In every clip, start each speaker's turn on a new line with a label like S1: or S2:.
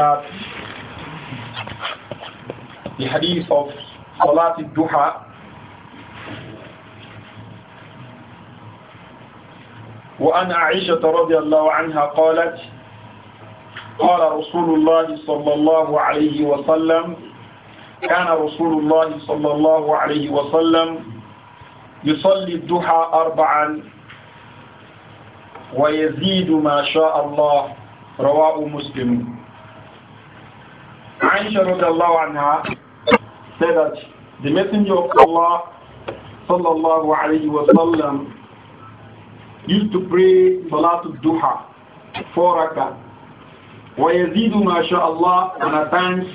S1: at the hadith of Salat al-Duha وأن عائشة رضي الله عنها قالت قال رسول الله صلى الله عليه وسلم كان رسول الله صلى الله عليه وسلم يصلي الدحى أربعا ويزيد ما شاء الله رواه مسلم Aisha radiallahu anha said that the Messenger of Allah sallallahu alayhi wa sallam used to pray Salatul Duha, four rakat. وَيَزِيدُ مَا شَاءَ اللَّهُ And at times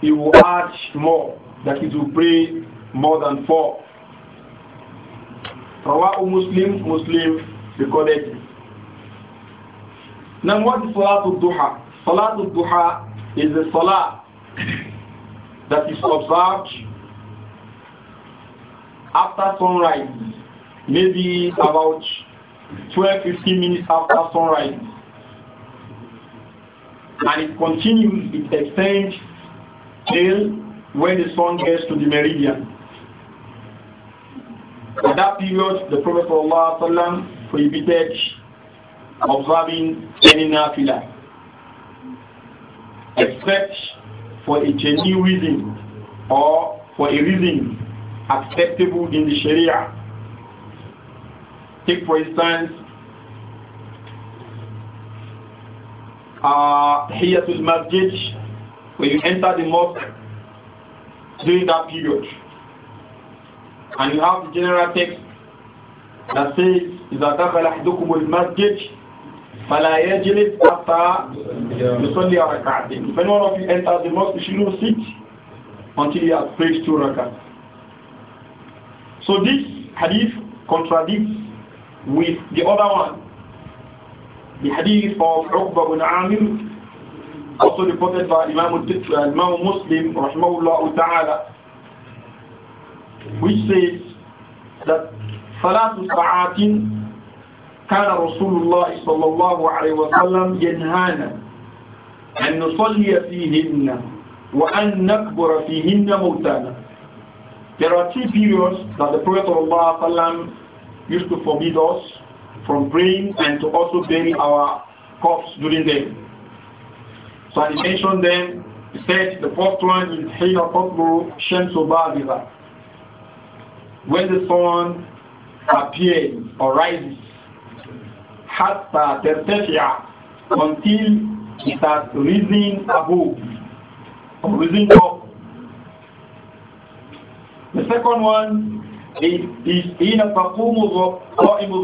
S1: he will add more, that he will pray more than four. Rawa'u Muslim, Muslim recorded. Now what is Salatul Duha? Salatul Duha is the salah that is observed after sunrise, maybe about 12 15 minutes after sunrise. And it continues, it extends till when the sun gets to the meridian. At that period, the Prophet ﷺ prohibited observing any nafilah except for a genuine reason or for a reason acceptable in the Sharia. Take for instance, uh, the Masjid, when you enter the mosque during that period, and you have the general text that says, إذا دخل أحدكم المسجد فَلَا يَجْلِسْ after يُصَلِّي رَكَعَتِهِ If anyone of you enters the mosque, you should not sit until he has prayed two rakats. So this hadith contradicts with the other one. The hadith of Uqba bin Amir, also reported by Imam, uh, Imam Muslim, rahimahullah ta'ala, which says that صلاة ساعات كان رسول الله صلى الله عليه وسلم ينهانا أن نصلي فيهن وأن نكبر فيهن موتانا There are three periods that the Prophet of Allah used to forbid us from praying and to also bury our corpse during them. So he mentioned them. He said the first one is حين تطلع الشمس بازغة when the sun appears or rises hatta tertefia until it has risen above or risen up. The second one is in taqumu qa'imu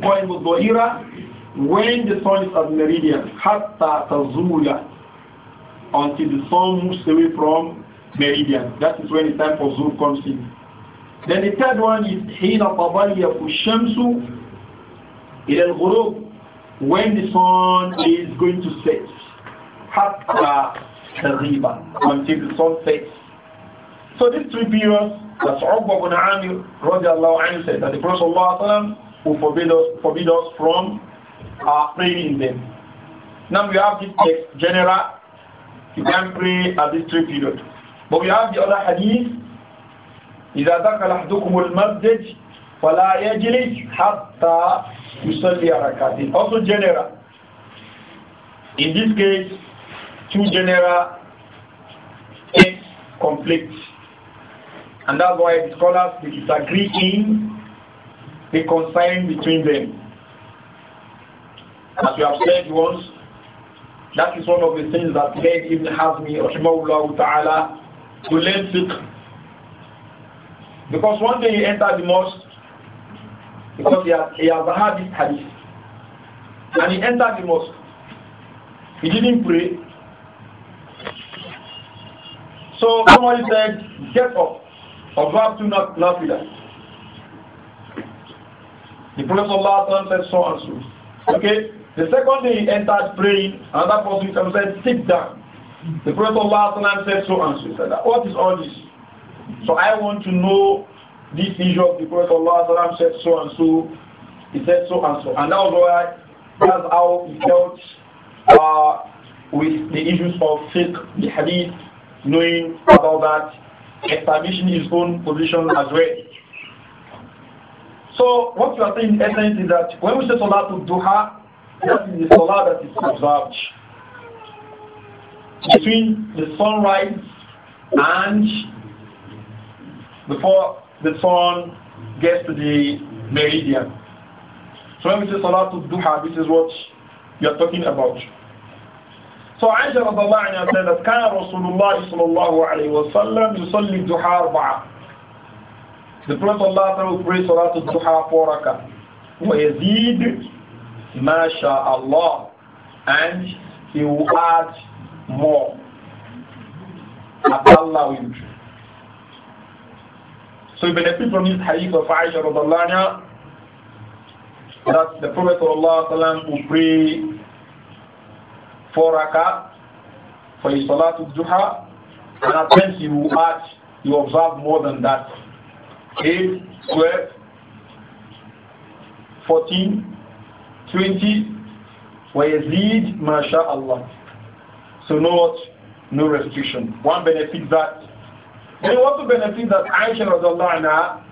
S1: qa'imu dhaira when the sun is at meridian hatta tazula until the sun moves away from meridian. That is when the time for zuhr comes in. Then the third one is hina tadayyafu shamsu إلى الغروب when the sun is going to set حتى تغيب until the sun sets so these three periods that Uqba ibn Amir radiallahu anhu said that the Prophet sallallahu will forbid us, forbid us from uh, praying in them now we have this text general you can pray at this three period but we have the other hadith إذا دخل أحدكم المسجد فَلَا يَجْلِسْ حَتَّى يُصَلِّي رَكَعَتَيْنِ Also general. In this case, two general is complete And that's why the scholars disagree in the concern between them. As we have said once, that is one of the things that led Ibn Hazmi, rahimahullah ta'ala, to learn fiqh. Because one day he entered the mosque, because he has, he has heard this hadith. And he entered the mosque. He didn't pray. So somebody said, get up. Observe to not that." The Prophet Allah said so and so. Okay? The second day he entered praying, another person said, sit down. The Prophet Allah said so and so. He said, what is all this? So I want to know this issue of the Prophet Allah said so and so, he said so and so. And that was why that's how he dealt uh, with the issues of fiqh, the hadith, knowing about that, establishing his own position as well. So what you are saying in essence is that when we say salah to duha, that is the salah that is observed. Between the sunrise and before the sun gets to the meridian. So when we say Salatul Duha, this is what you are talking about. So Aisha radiallahu anha said that كان Rasulullah الله صلى الله عليه وسلم يصلي الدحى أربعة. The Prophet Allah will pray Salat al-Duha four rakah. وَيَزِيدُ مَا شَاءَ Allah, And he will add more. As Allah will. So we benefit from this hadith of Aisha Radallahu that the Prophet Sallallahu will pray four rakat for his Salatul Duha and at times he will add, he will observe more than that. 8, 12, 14, 20, وَيَزِيدْ مَا شَاءَ اللَّهِ So no, no restriction. One benefit that and what's the benefit that Aisha anha was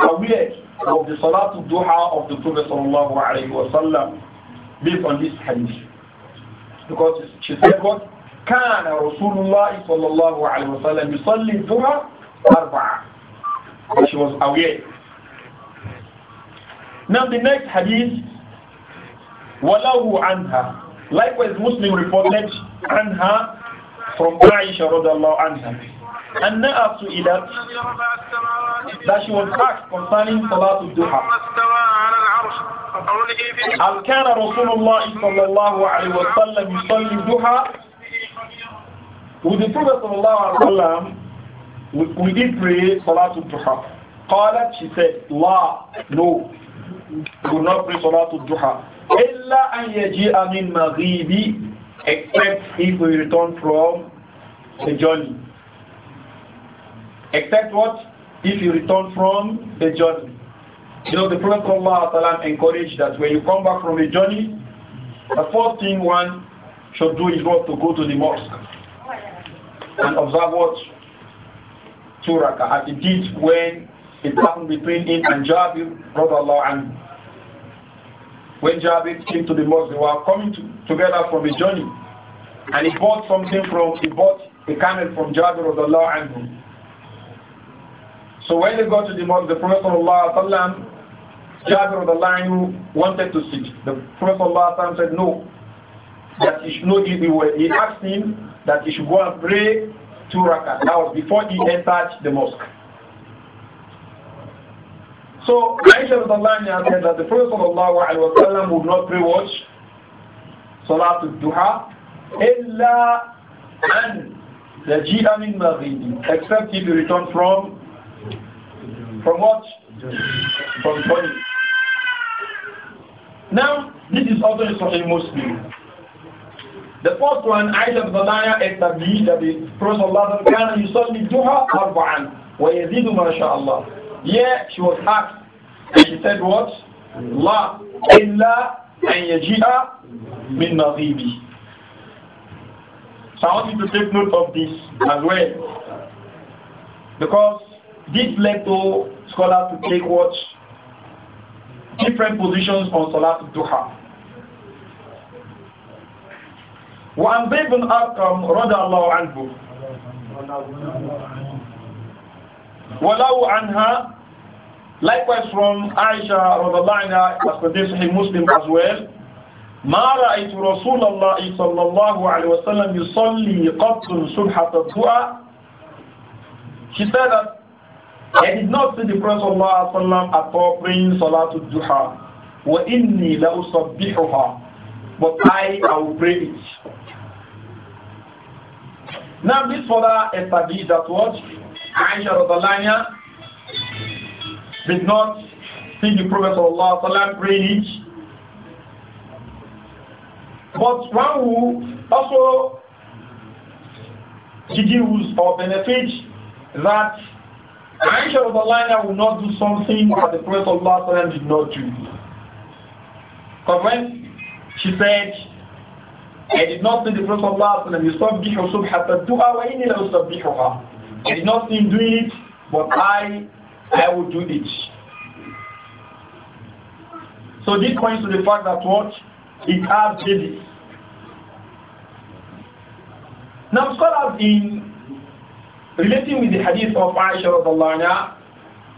S1: aware of the Salatul Duha of the Prophet sallallahu Alaihi Wasallam based on this hadith? Because she said what? كان رسول الله صلى الله عليه وسلم يصلي الظهر أربعة she was aware now the next hadith وله عنها likewise Muslim reported عنها from Aisha رضي الله عنها and Na'a su'ilat that she was asked concerning Salatul Duha. هل كان رسول الله صلى الله عليه وسلم يصلي الضحى؟ With the Prophet صلى الله عليه وسلم we did pray Salatul Duha. قالت she said لا no we will not pray Salatul Duha. إلا أن يجيء من مغيبي except if we return from the journey. Except what? If you return from the journey. You know, the Prophet ﷺ encouraged that when you come back from a journey, the first thing one should do is what? To go to the mosque and observe what? Two rakah, as he did when it happened between him and Jabir, radiallahu anhu. When Jabir came to the mosque, they were coming to, together from a journey. And he bought something from, he bought a camel from Jabir, radiallahu anhu. So when they got to the mosque, the Prophet ﷺ, Jabir of the Lion, wanted to sit. The Prophet ﷺ said no, that he should not give away. He asked him that he should go and pray to rakah. That was before he entered the mosque. So Aisha of the line said that the Prophet ﷺ would not pray watch, Salat al Duha, إلا أن يجيء من except if he returned from from what? From Tony. Now, this is also a Sahih Muslim. The first one, Aisha bin the established that the Prophet ﷺ كان يصلي الضحى where ويزيد did, شاء masha'Allah. Yeah, she was asked, and she said what? La illa أن يجيء من مغيبي. So I want you to take note of this as well. Because this led to scholars to take what? Different positions on Salat Duha. وعن زيد بن أرقم رضي الله عنه ولو عنها Likewise from Aisha الله عنها, as per this Sahih Muslim as well, ما رأيت رسول الله صلى الله عليه وسلم يصلي قط سبحة الدعاء. She said that I did not see the Prophet sallallahu alaihi wasallam at all praying Salatul Duha. Wa inni la usabbihuha. But I, I will pray it. Now this further established that what Aisha Radalanya did not see the Prophet sallallahu alaihi wasallam praying it. But one who also gives or benefits that the angel of Allah will not do something that the Prophet of Allah did not do. Because when she said, I did not see the Prophet of Allah يُصَبِّحُ سُبْحَةَ الدُّعَى وَإِنِّي لَأُصَبِّحُهَا I did not see him doing it, but I, I will do it. So this points to the fact that what? It has basis. Now scholars in Relating with the hadith of Aisha anha,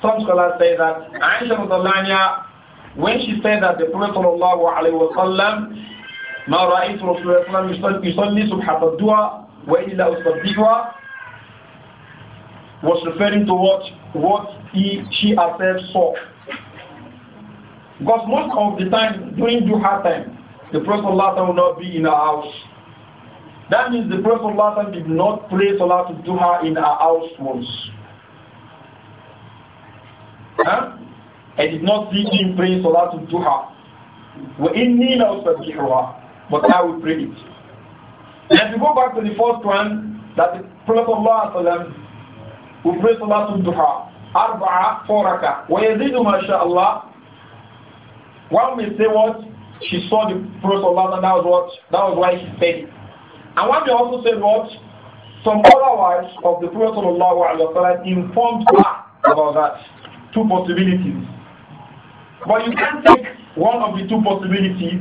S1: some scholars say that Aisha anha, when she said that the Prophet sallallahu alaihi wasallam, ما رأيت رسول الله صلى الله عليه وسلم يصلي سبحة الدعاء وإلا أصدقها was referring to what what he, she herself saw. Because most of the time during duha time, the Prophet Allah will not be in the house. That means the Prophet Allah did not pray Salah to Duha in her house once. Huh? I did not see him praying Salah to Duha. وَإِنِّي لَأُسَبِّحُهَا But I will pray it. And if we go back to the first one, that the Prophet Allah will pray Salah to Duha. Arba'a, four rakah. وَيَزِيدُ مَا شَاءَ اللَّهِ One may say what? She saw the Prophet Allah and that was what? That was why she said it. And what they also say what some other wives of the Prophet ﷺ informed her about that. Two possibilities. But you can't take one of the two possibilities.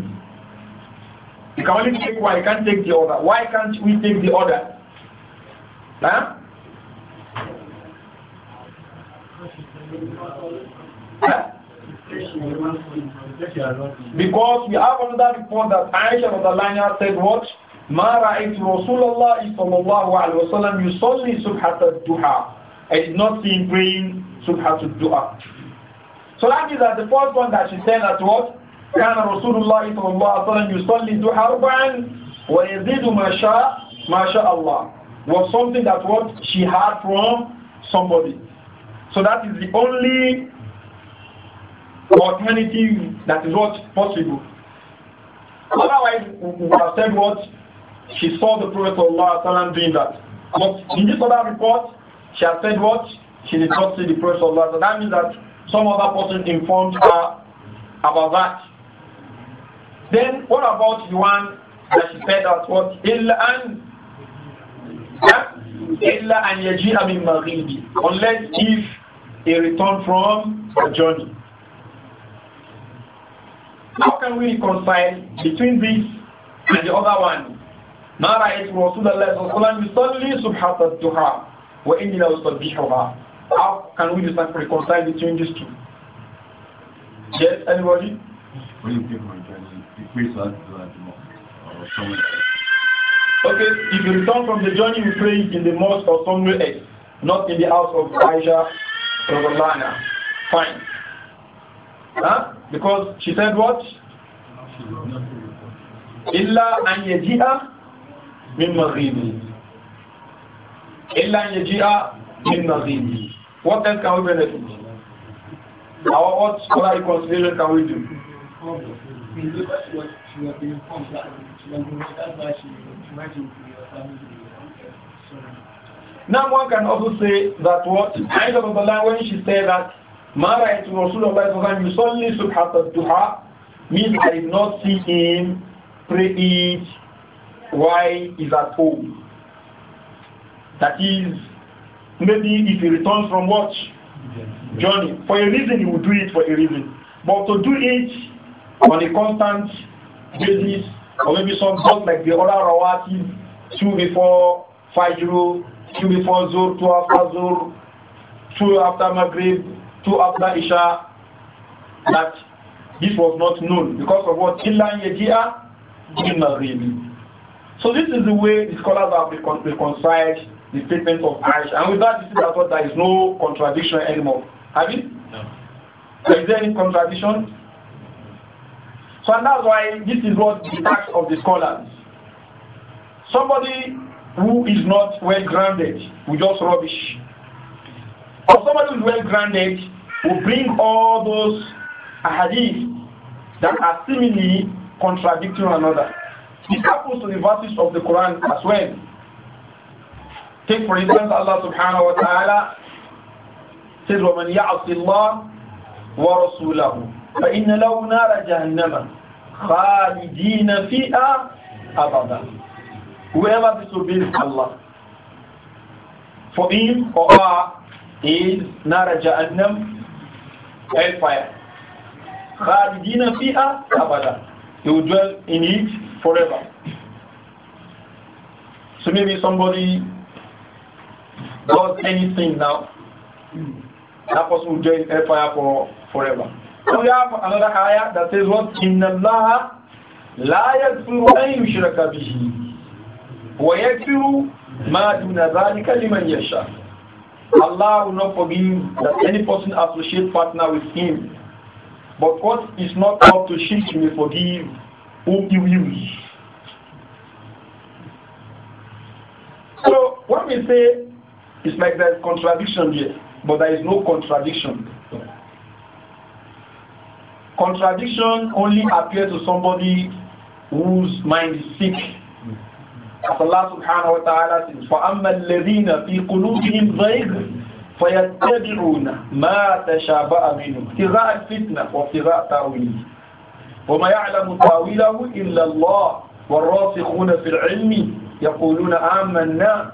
S1: You can only take one, you can't take the other. Why can't we take the other? Huh? Because we have another report that Aisha of the Lanya said what? ما رأيت رسول الله صلى الله عليه وسلم يصلي سبحة الدحى I did not see him praying سبحة الدحى So that is that the first one that she said that what كان رسول الله صلى الله عليه وسلم يصلي الدحى أربعا ويزيد ما شاء ما شاء الله was something that what she had from somebody so that is the only alternative that is what possible. Otherwise, we have said what she saw the Prophet ﷺ doing that. But in this other report, she has said what? She did not see the Prophet So That means that some other person informed her about that. Then what about the one that she said that what? Illa an Illa an yaji'a min maghribi. Unless if he returned from a journey. How can we reconcile between this and the other one? ما رأيت رسول الله صلى الله عليه وسلم يصلي سبحة الدحى وإني لأصبحها How can we decide reconcile between these two? Yes, anybody? When you pray for journey, you to Okay, if you return from the journey, you pray in the mosque or somewhere else, not in the house of Aisha Ravalana. Fine. Huh? Because she said what? Illa an yaji'a Min مغيبه إلا أن يجيء min مغيبه What else can we benefit? Our what scholarly consideration can we do? Now one can also say that what Aisha of Allah when she said that Ma ra'aytu Rasulullah yusalli subhat al-duha means I did not see him pray it why he's at home. That is, maybe if he returns from what? Journey. For a reason, he will do it for a reason. But to do it on a constant basis, or maybe some not like the other rawatib, two before Fajr, two before Zur, two after Zur, two after Maghrib, two after Isha, that this was not known because of what? Illa yaji'a in Maghrib. So this is the way the scholars have reconciled the statement of Aisha. And with that, this is that there is no contradiction anymore. Have you? No. Is there any contradiction? So and that's why this is what the task of the scholars. Somebody who is not well grounded will just rubbish. Or somebody who is well grounded will bring all those hadith that are seemingly contradicting one another. It happens to the verses of the Quran as well. Take for instance Allah subhanahu wa ta'ala says وَمَنْ يَعْصِ اللَّهِ وَرَسُولَهُ فَإِنَّ لَهُ نَارَ جَهَنَّمَ خَالِدِينَ فِيهَا أَبَدًا Whoever disobeys Allah for him or her is نَارَ جَهَنَّمَ hellfire خَالِدِينَ فِيهَا أَبَدًا He will dwell in it forever. So maybe somebody does anything now, that person will join hellfire for forever. So we have another ayah that says what? إِنَّ اللَّهَ لَا يَغْفِرُ أَن يُشْرَكَ بِهِ وَيَغْفِرُ مَا دُونَ ذَلِكَ لِمَنْ يَشَاءُ Allah will not forgive that any person associate partner with him. But what is not up to shirk, he may forgive whom you use. So when we say it's like there's contradiction here, but there is no contradiction. Contradiction only appears to somebody whose mind is sick. As Allah subhanahu wa ta'ala says, فَأَمَّا الَّذِينَ فِي قُلُوبِهِمْ ضَيْغٌ فيتبعون ما تشابه منه ابتغاء الفتنة وابتغاء تأويله وما يعلم تاويله إلا الله والراسخون في العلم يقولون آمنا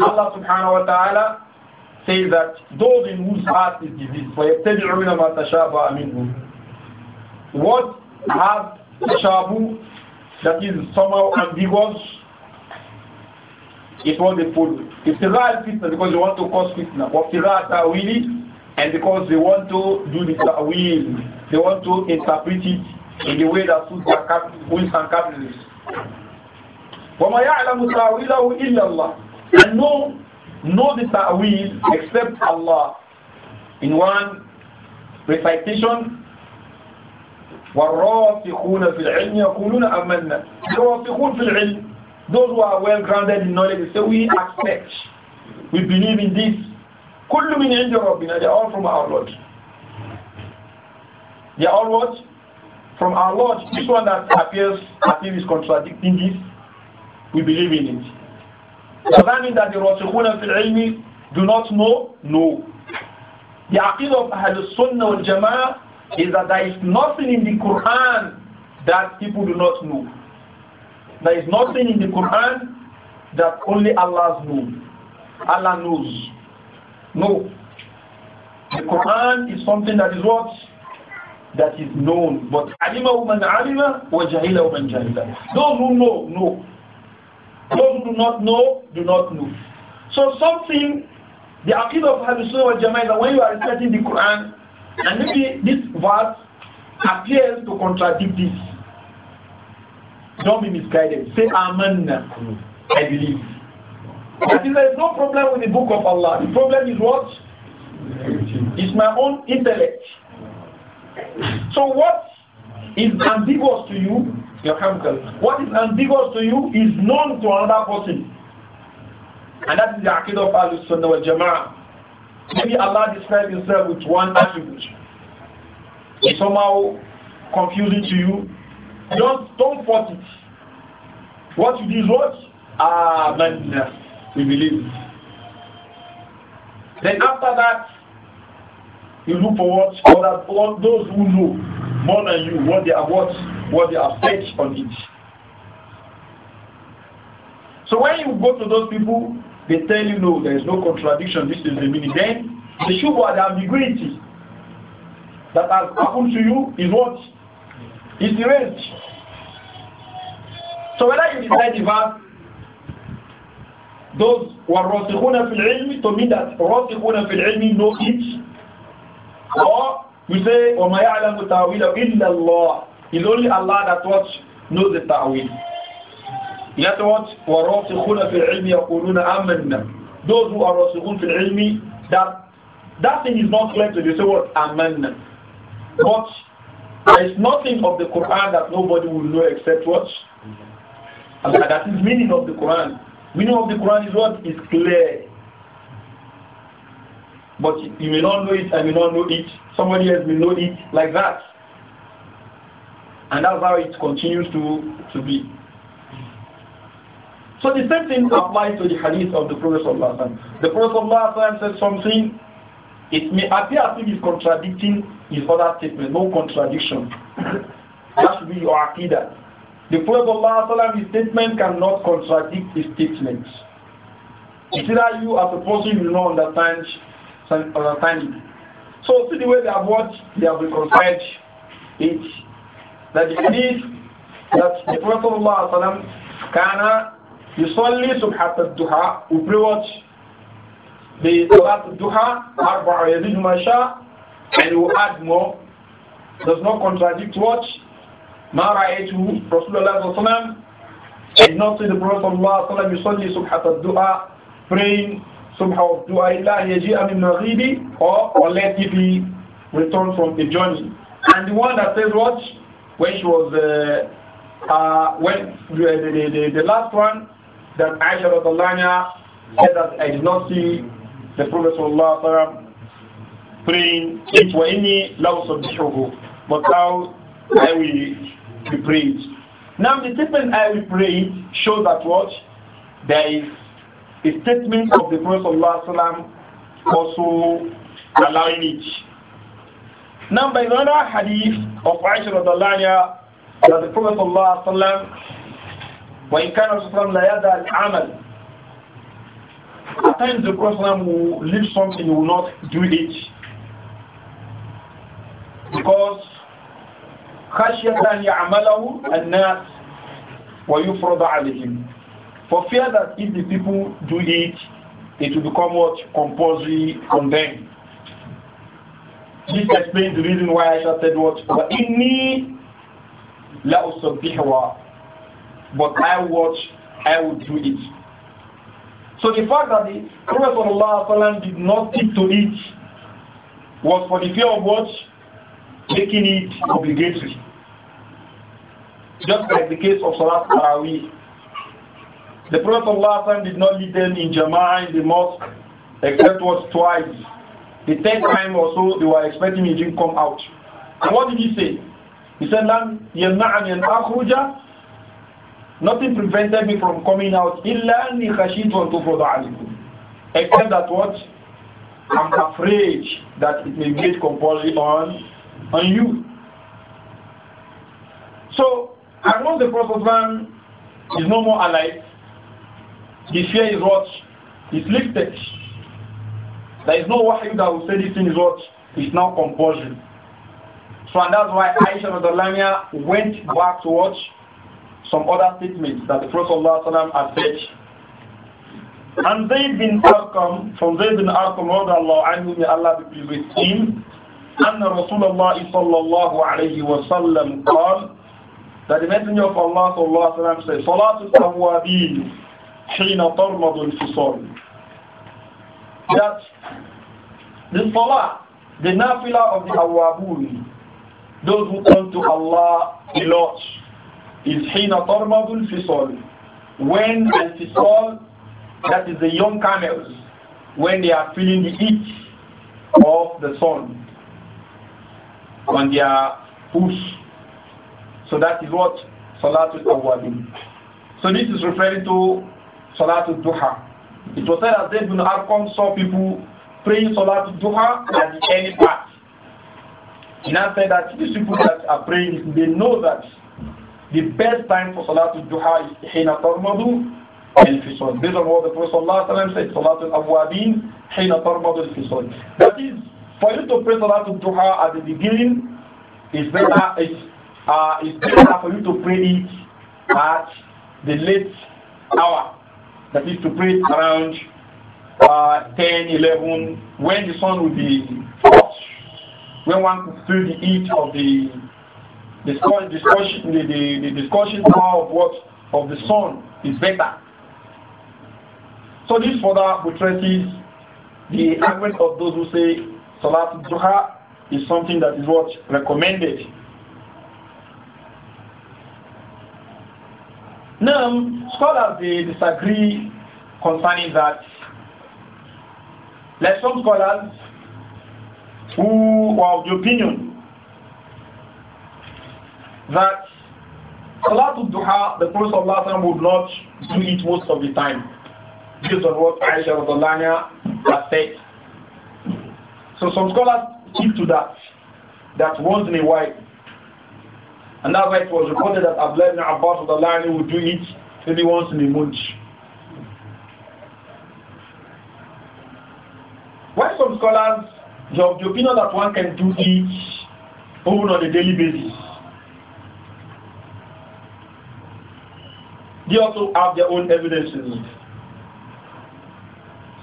S1: Allah سبحانه وتعالى say says that those in whose heart is disease, فَيَتَّبِعُونَ مَا تَشَابَهَ منهم What has tashabu that is somehow ambiguous is what they follow. Iftirah fitna because they want to cause fitna. Or if iftirah ta'wili and because they want to do the ta'wili They want to interpret it in the way that suits their wins and capitalists. وَمَا يَعْلَمُ تَعْوِيلَهُ إِلَّا اللَّهُ And no, no the ta'wil except Allah. In one recitation, في العلم يقولون أمنا في العلم those who are well grounded in knowledge say we accept we believe in this كل من عند ربنا they are all from our Lord they are all what? From our Lord. This one that appears appears is contradicting this, we believe in it. Does that mean that the Rasikhuna fil ilmi do not know? No. The aqid of Ahlul Sunnah al Jama'ah is that there is nothing in the Quran that people do not know. There is nothing in the Quran that only Allah knows. Allah knows. No. The Quran is something that is what? that is known. But alimahu woman alima wa jahila woman jahila. Those who know, know. Those who do not know, do not know. So something, the appeal of Ahlul Sunnah wal that when you are reciting the Quran, and maybe this verse appears to contradict this. Don't be misguided. Say amen. I believe. But there is no problem with the book of Allah. The problem is what? It's my own intellect. So what is ambiguous to you, your chemical? what is ambiguous to you is known to another person. And that is the Aqidah of Ahlul Sunnah wal Jama'ah. Maybe Allah describes himself with one attribute. It's somehow confusing to you. Don't, don't force it. What you do is what? Ah, blindness. We believe. Then after that, you look for what others, all those who know more than you, what they have what, what they have said on it. So when you go to those people, they tell you no, there is no contradiction, this is the meaning. Then the shubha, the ambiguity that has happened to you is what? Is erased. So whether you decide the verse, those who are راسخون في العلم to mean that راسخون في العلم know it or we say, وَمَا يَعْلَمُ تَعْوِيلَهُ إِلَّا اللَّهُ It's only Allah that what knows the ta'wil. Yet what? وَرَاسِخُونَ فِي الْعِلْمِ يَقُولُونَ آمَنَّا Those who are رَاسِخُونَ فِي الْعِلْمِ that that thing is not clear to you. say what? Amanna. But there is nothing of the Quran that nobody will know except what? And that is meaning of the Quran. Meaning of the Quran is what is clear. But you may not know it, I may not know it, somebody else may know it, like that. And that's how it continues to, to be. So the same thing applies to the hadith of the Prophet ﷺ. The Prophet ﷺ said something, it may appear as if he's contradicting his other statement, no contradiction. that should be your aqidah. The Prophet his statement cannot contradict his statement. It's either you as a person you do not understand understanding. So see the way they have watched, they have reconciled it. That it means that the Prophet ﷺ kana يصلي سبحة الدحى وبروت بصلاة الدحى أربع يزيد ما شاء and you add more does not contradict what ما رأيته رسول الله صلى الله عليه وسلم did not see the Prophet ﷺ يصلي سبحة الدحى praying somehow do Allah yaji'a min maghibi or, or let it be returned from the journey. And the one that says what? When she was, uh, uh, when the, the, the, the, last one that Aisha Radalanya said that I did not see the Prophet Sallallahu Alaihi Wasallam praying, it wa inni law sabbihuhu, but now I will be praised. Now the statement I will pray shows that what? There is the statement of the Prophet ﷺ also allowing it. Now, by another hadith of Aisha Radalania, that the Prophet ﷺ, when كان رسول الله لا يدع العمل At times the Prophet will leave something, he will not do it. Because خشية أن يعمله الناس ويفرض عليهم For fear that if the people do it, it will become what? Compulsory on them. This explains the reason why I said what? وَإِنِّي لَأُصَبِّحُهَا But I watch, I will do it. So the fact that the Prophet did not stick to it was for the fear of what? Making it obligatory. Just like the case of Salat Tarawih the Prophet Allah did not lead them in Jama'ah in the mosque except was twice. The third time or so they were expecting him to come out. And what did he say? He said, Lam yamna'ani an Nothing prevented me from coming out. Illa anni khashit wa Except that what? I'm afraid that it may get compulsory on, on you. So, I know the Prophet is no more alive, his fear is what? It's lifted. There is no here that will say this thing is what? It's now compulsion. So and that's why Aisha Radhalamia went back to watch some other statements that the Prophet had said. And Zayd bin asked from Zayd bin Arqam, radiallahu anhu, may Allah be pleased with him, أن رسول الله صلى الله عليه وسلم قال that the messenger of Allah Sallallahu الله wa وسلم said, "Salatul الأوابين حين ترمض الفصال that the salah the nafila of the awabun those who turn to Allah a lot is hina ترمض fisal, when fisal, that is the young camels when they are feeling the heat of the sun when they are pushed. so that is what Salatul Awabin. So this is referring to Salatul Duha. It was said that Zayd bin Arqam saw people praying Salatul Duha at the early part. He now said that these people that are praying, they know that the best time for Salatul Duha is Hina Tarmadu الفصال based on what the Prophet sallallahu alaihi wasallam said Salatul Awwabin Hina Tarmadu الفصال that is for you to pray Salatul Duha at the beginning is better is uh, it's better for you to pray it at the late hour that is to pray around uh, 10, 11, when the sun will be hot, when one could feel the heat of the discussion, discussion the, the, the discussion power of what of the sun is better. So this further buttresses the argument of those who say Salat Duha is something that is what recommended Now, scholars they disagree concerning that. Like some scholars who are of the opinion that Salatul Duha, the Prophet of Allah would not do it most of the time, based on what Aisha of Alanya has said. So some scholars keep to that, that once in a while and that's why it was reported that Abdullah ibn Abbas the line would do it maybe once in a month. Why some scholars have the opinion that one can do it even on a daily basis. They also have their own evidences.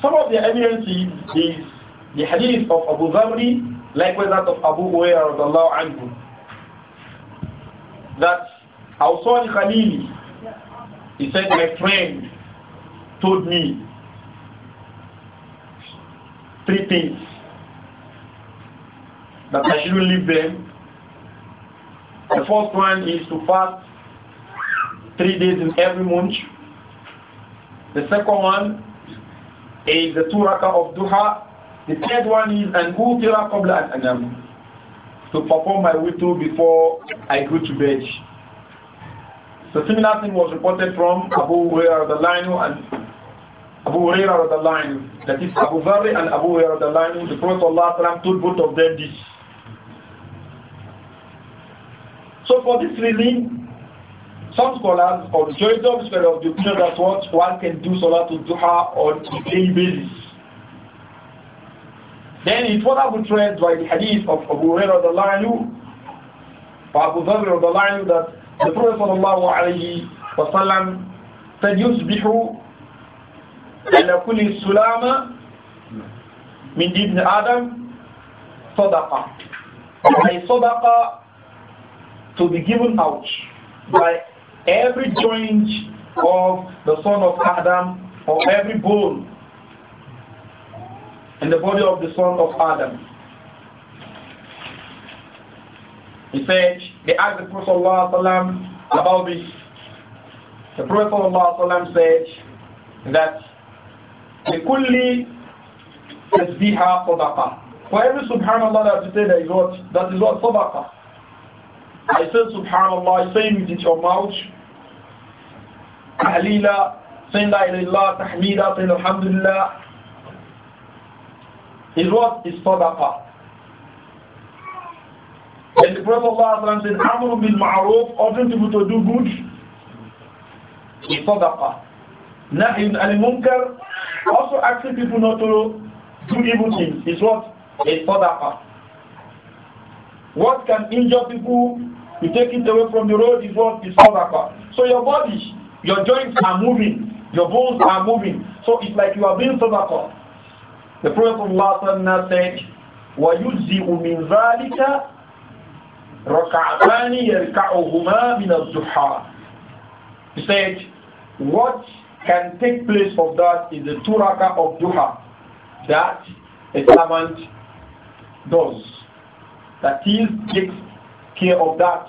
S1: Some of the evidences is the hadith of Abu Zabri, likewise that of Abu Uwayyah radiallahu anhu that Awsani Khalili, he said, my friend told me three things that I shouldn't leave them. The first one is to fast three days in every month. The second one is the two of duha. The third one is an utira qabla and anam to perform my witr before I go to bed. The similar thing was reported from Abu Hurairah the line and Abu Hurairah the line. That is Abu Dhar and Abu Hurairah the line. The Prophet Allah told both of them this. So for this reason, some scholars or the majority of scholars of the opinion that what one can do to Duha on a daily basis. Then it further buttressed by the hadith of Abu Hurairah or Abu Dharr that the Prophet sallallahu alayhi wa sallam said yusbihu ala kulli sulama min ibn Adam sadaqa. A sadaqa to be given out by every joint of the son of Adam or every bone and the body of the son of Adam. He said, they asked the Prophet ﷺ about this. The Prophet ﷺ said that لِكُلِّ تَسْبِيحَ صَدَقَةً For every subhanallah that you say that is what? That is what sadaqah. I say subhanallah, say it with your mouth. Tahlila, saying la ilaha illallah, tahmida, saying alhamdulillah, is what is sadaqah. And the Prophet Allah said, Amr bin Ma'ruf, ordering people to do good, is sadaqah. Nahin al munkar, also asking people not to do evil things, is what? Is sadaqah. What can injure people, you take it away from the road, is what? Is sadaqah. So your body, your joints are moving, your bones are moving. So it's like you are being sadaqah. The Prophet ﷺ said, وَيُجْزِئُ مِنْ ذَلِكَ رَكَعْتَانِ يَرْكَعُهُمَا مِنَ الزُّحَى He said, what can take place of that is the two rakah of duha that a servant does. That he takes care of that.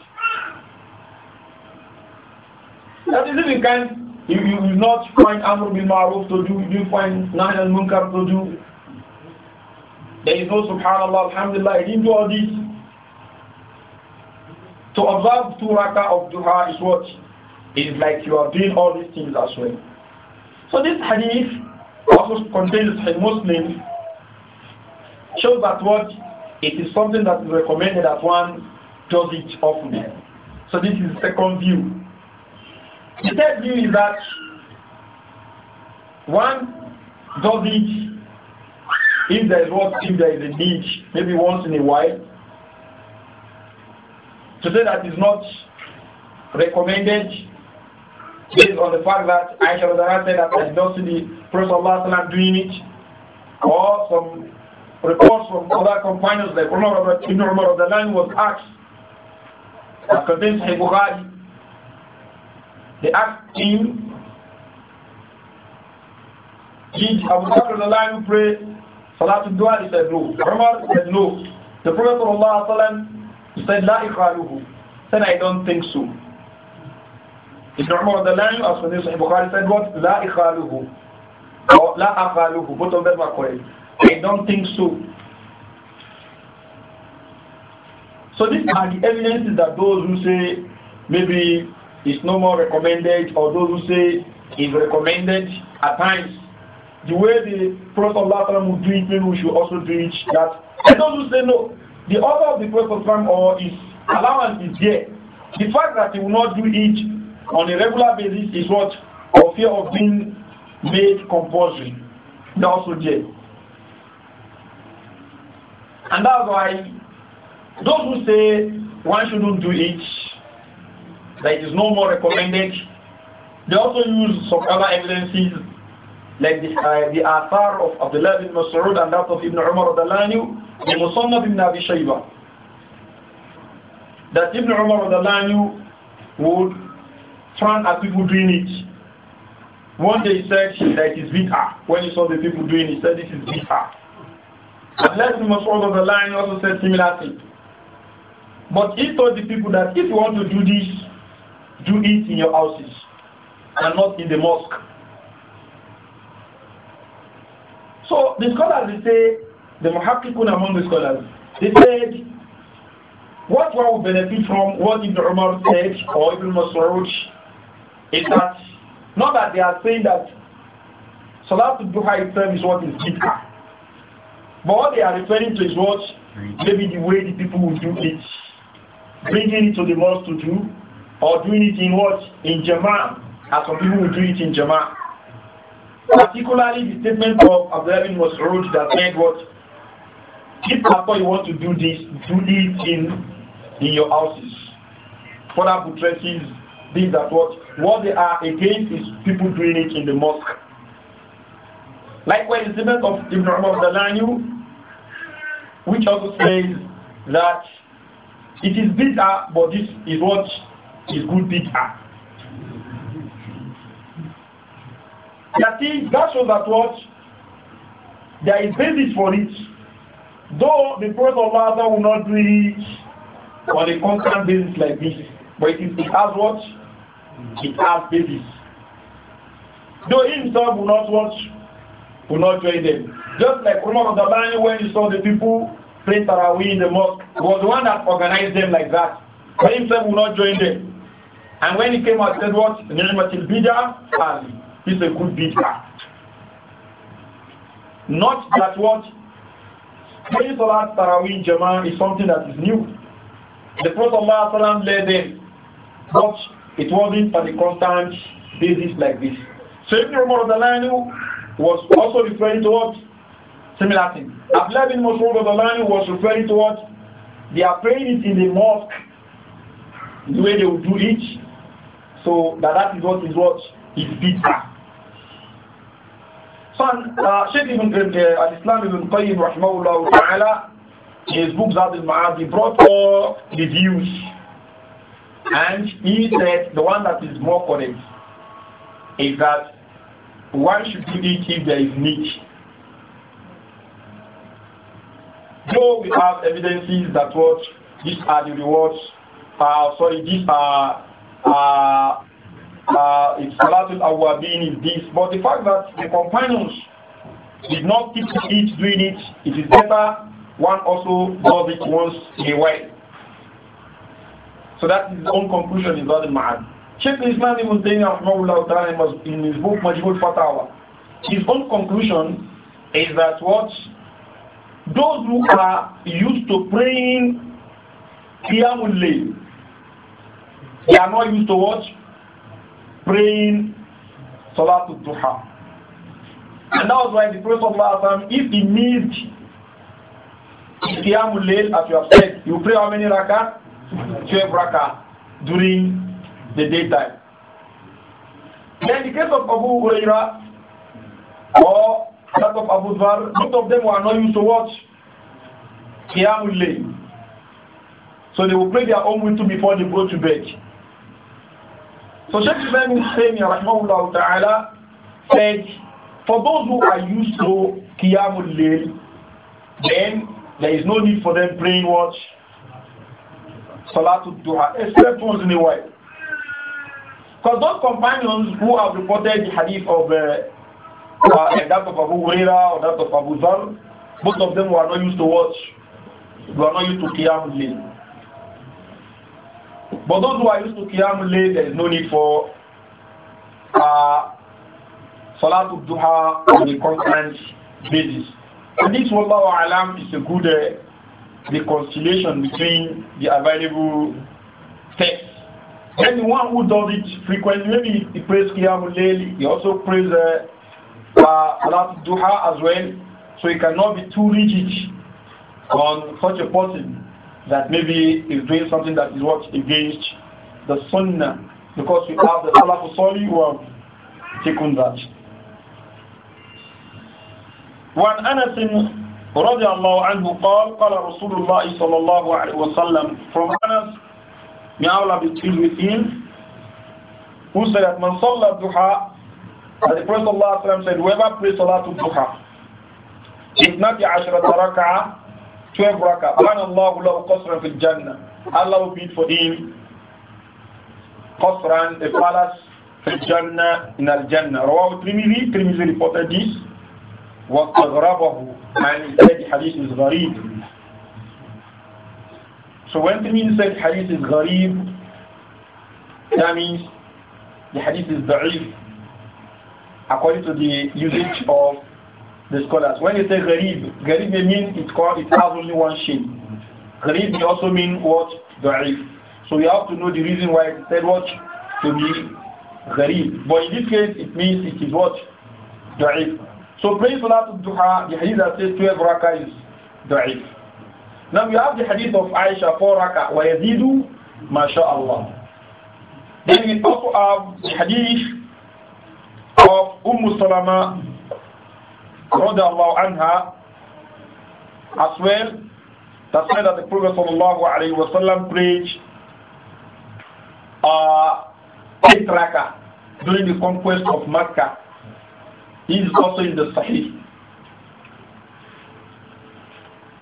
S1: That is if you can you, you will not find Amr bin Maruf to do, you find Nahi al Munkar to do, there is no subhanallah, alhamdulillah, I didn't do all this. To observe two rakah of duha is what? Is like you are doing all these things as well. So this hadith also contains a Muslim shows that what it is something that is recommended that one does it often. So this is the second view. The third view is that one does it if there is what, if there is a need, maybe once in a while. To say that is not recommended based on the fact that I shall not said that I do not see the Prophet Allah doing it, or some reports from other companions like Umar Umar of the line was asked, that contains Sahih Bukhari, they asked him, did Abu Bakr the line pray Salatul Dua, he said no. Umar said no. The Prophet ﷺ said, La ikhaluhu. Then I don't think so. Ibn Umar the line as for this in Bukhari said what? La ikhaluhu. Or La akhaluhu. Both of them are correct. I don't think so. So these are the evidences that those who say maybe it's no more recommended or those who say it's recommended at times the way the Prophet of Allah would do it, maybe we should also do it that. And those who say no, the order of the Prophet of or his allowance is there. The fact that he will not do it on a regular basis is what? Or fear of being made compulsory. they also there. And that's why those who say one shouldn't do it, that it is no more recommended, they also use some other evidences like the, uh, the Athar of Abdullah bin Mas'ud and that of Ibn Umar Radalani, the Musannab ibn Abi Shayba. That Ibn Umar Radalani would turn at people doing it. One day he said that it is bid'ah. When he saw the people doing it, he said this is bid'ah. Abdullah bin Mas'ud Radalani also said similar thing. But he told the people that if you want to do this, do it in your houses and not in the mosque. So the scholars they say, the muhakkikun among the scholars, they said, what one will benefit from what Ibn Umar said or Ibn Masrud is that, not that they are saying that Salatul Duha itself is what is good? But what they are referring to is what maybe the way the people will do it, bringing it to the mosque to do, or doing it in what? In Jama'ah, as some people will do it in Jama'ah. Particularly the statement of Abdullah was Mas'ud that said what? If after you want to do this, do it in in your houses. Further buttresses these that what what they are against is people doing it in the mosque. Likewise, the statement of Ibn Umar Dalanyu, which also says that it is bitter, but this is what is good bitter. That is, that shows that what? There is basis for it. Though the Prophet of Allah will not do it on a constant basis like this. But it, is, it has what? It has basis. Though himself will not watch, will not join them. Just like Umar of the line when he saw the people pray Tarawih in the mosque, was the one that organized them like that. But himself will not join them. And when he came out, said what? Ni'matil bidah, is a good bid'ah. Not that what praying Salat Tarawih Jama'ah is something that is new. The Prophet Allah led them, but it wasn't on a constant basis like this. So Ibn Umar was also referring to what? Similar thing. Abdullah bin line was referring to what? They are praying it in the mosque, the way they would do it. So that, that is what is what is bitter. Son, uh, Sheikh Ibn uh, al Islam Ibn Qayyim, rahmahullah ta'ala, his book Zad al-Ma'ad, he brought all the views. And he said the one that is more correct is that one should do it if there is meat? Though we have evidences that what these are the rewards, uh, sorry, these are uh, uh, if Salatul Awabin is this. But the fact that the companions did not keep each doing it, it is better one also does it once in a while. So that is his own conclusion in Zadul Ma'ad. Sheikh Islam Ibn Taymiyyah in his book Majmul Fatawa, his own conclusion is that what those who are used to praying Qiyamul Layl, they are not used to what? praying Salatul Duha. And that was why the Prophet of Allah, if he needs Qiyamul Layl, as you have said, you pray how many rakat? 12 rakat during the daytime. Then the case of Abu Huraira or that of Abu Dhar, both of them were not used to watch Qiyamul Layl. So they will pray their own wudu before they go to bed. So Sheikh Ibn Taymiyyah rahmahullah ta'ala said, for those who are used to Qiyamul Layl, then there is no need for them praying watch Salatul Duha, except once in a while. Because those companions who have reported the hadith of uh, uh, that of Abu Huraira or that of Abu Zar, both of them were not used to watch, were not used to Qiyamul Layl. But those who are used to Qiyam late, there is no need for uh, Salatul Duha on a constant basis. And this, Wallahu Alam, is a good uh, reconciliation between the available texts. Anyone who does it frequently, maybe he prays kiamulay, he also prays uh, uh, Salatul Duha as well, so he cannot be too rigid on such a person that maybe is doing something that is what against the sunnah because we have the Salafu sorry who have taken that. وعن أنس رضي الله عنه قال قال رسول الله صلى الله عليه وسلم from Anas may Allah be pleased with him who said that man صلى الضحى that the Prophet صلى الله عليه وسلم said whoever prays صلاة الضحى إثنتي عشرة ركعة 12 rakah. Banallahu lahu qasran fil jannah. Allah will build for him qasran, a palace, fil jannah, in al jannah. Rawahu Trimili, Trimili reported this. وَقَغْرَبَهُ And he said hadith So when Trimili said hadith is gharib, that means the hadith is da'if according to the usage of the scholars. When you say gharib, gharib may mean it, called it has only one shin. Gharib may also mean what? Da'if. So you have to know the reason why it said what? To be gharib. But in this case, it means it is what? Da'if. So praying Salatul Duha, the hadith that says 12 raka is da'if. Now we have the hadith of Aisha, 4 raka. وَيَزِيدُ مَا شَاءَ Then we also have the hadith of Umm Salama, radiallahu anha as well that said that the Prophet sallallahu alayhi wa sallam preached uh, eight raka during the conquest of Makkah. He is also in the Sahih.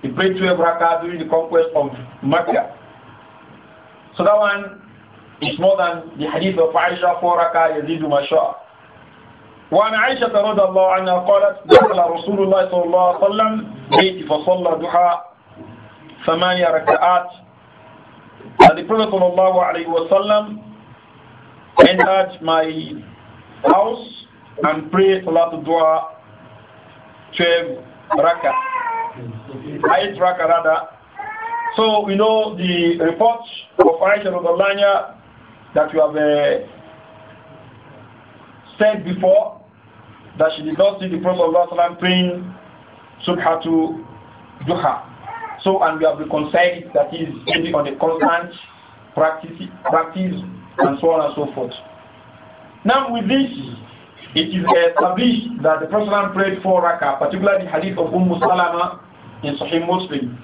S1: He prayed 12 raka during the conquest of Makkah. So that one is more than the hadith of Aisha, 4 raka, Yazid, Masha. وعن عائشة رضي الله عنها قالت دخل رسول الله صلى الله عليه وسلم بيتي فصلى ضحى ثمانية ركعات And the Prophet صلى الله عليه وسلم entered my house and prayed Salatul Dua 12 raka. Eight raka rather. So we know the report of Aisha Rodolanya that you have uh, said before that she did not see the Prophet ﷺ praying Subhatu Duha. So, and we have reconciled that is maybe on the constant practice, practice and so on and so forth. Now, with this, it is established that the Prophet prayed for Raka, particularly the hadith of Umm Salama in Sahih Muslim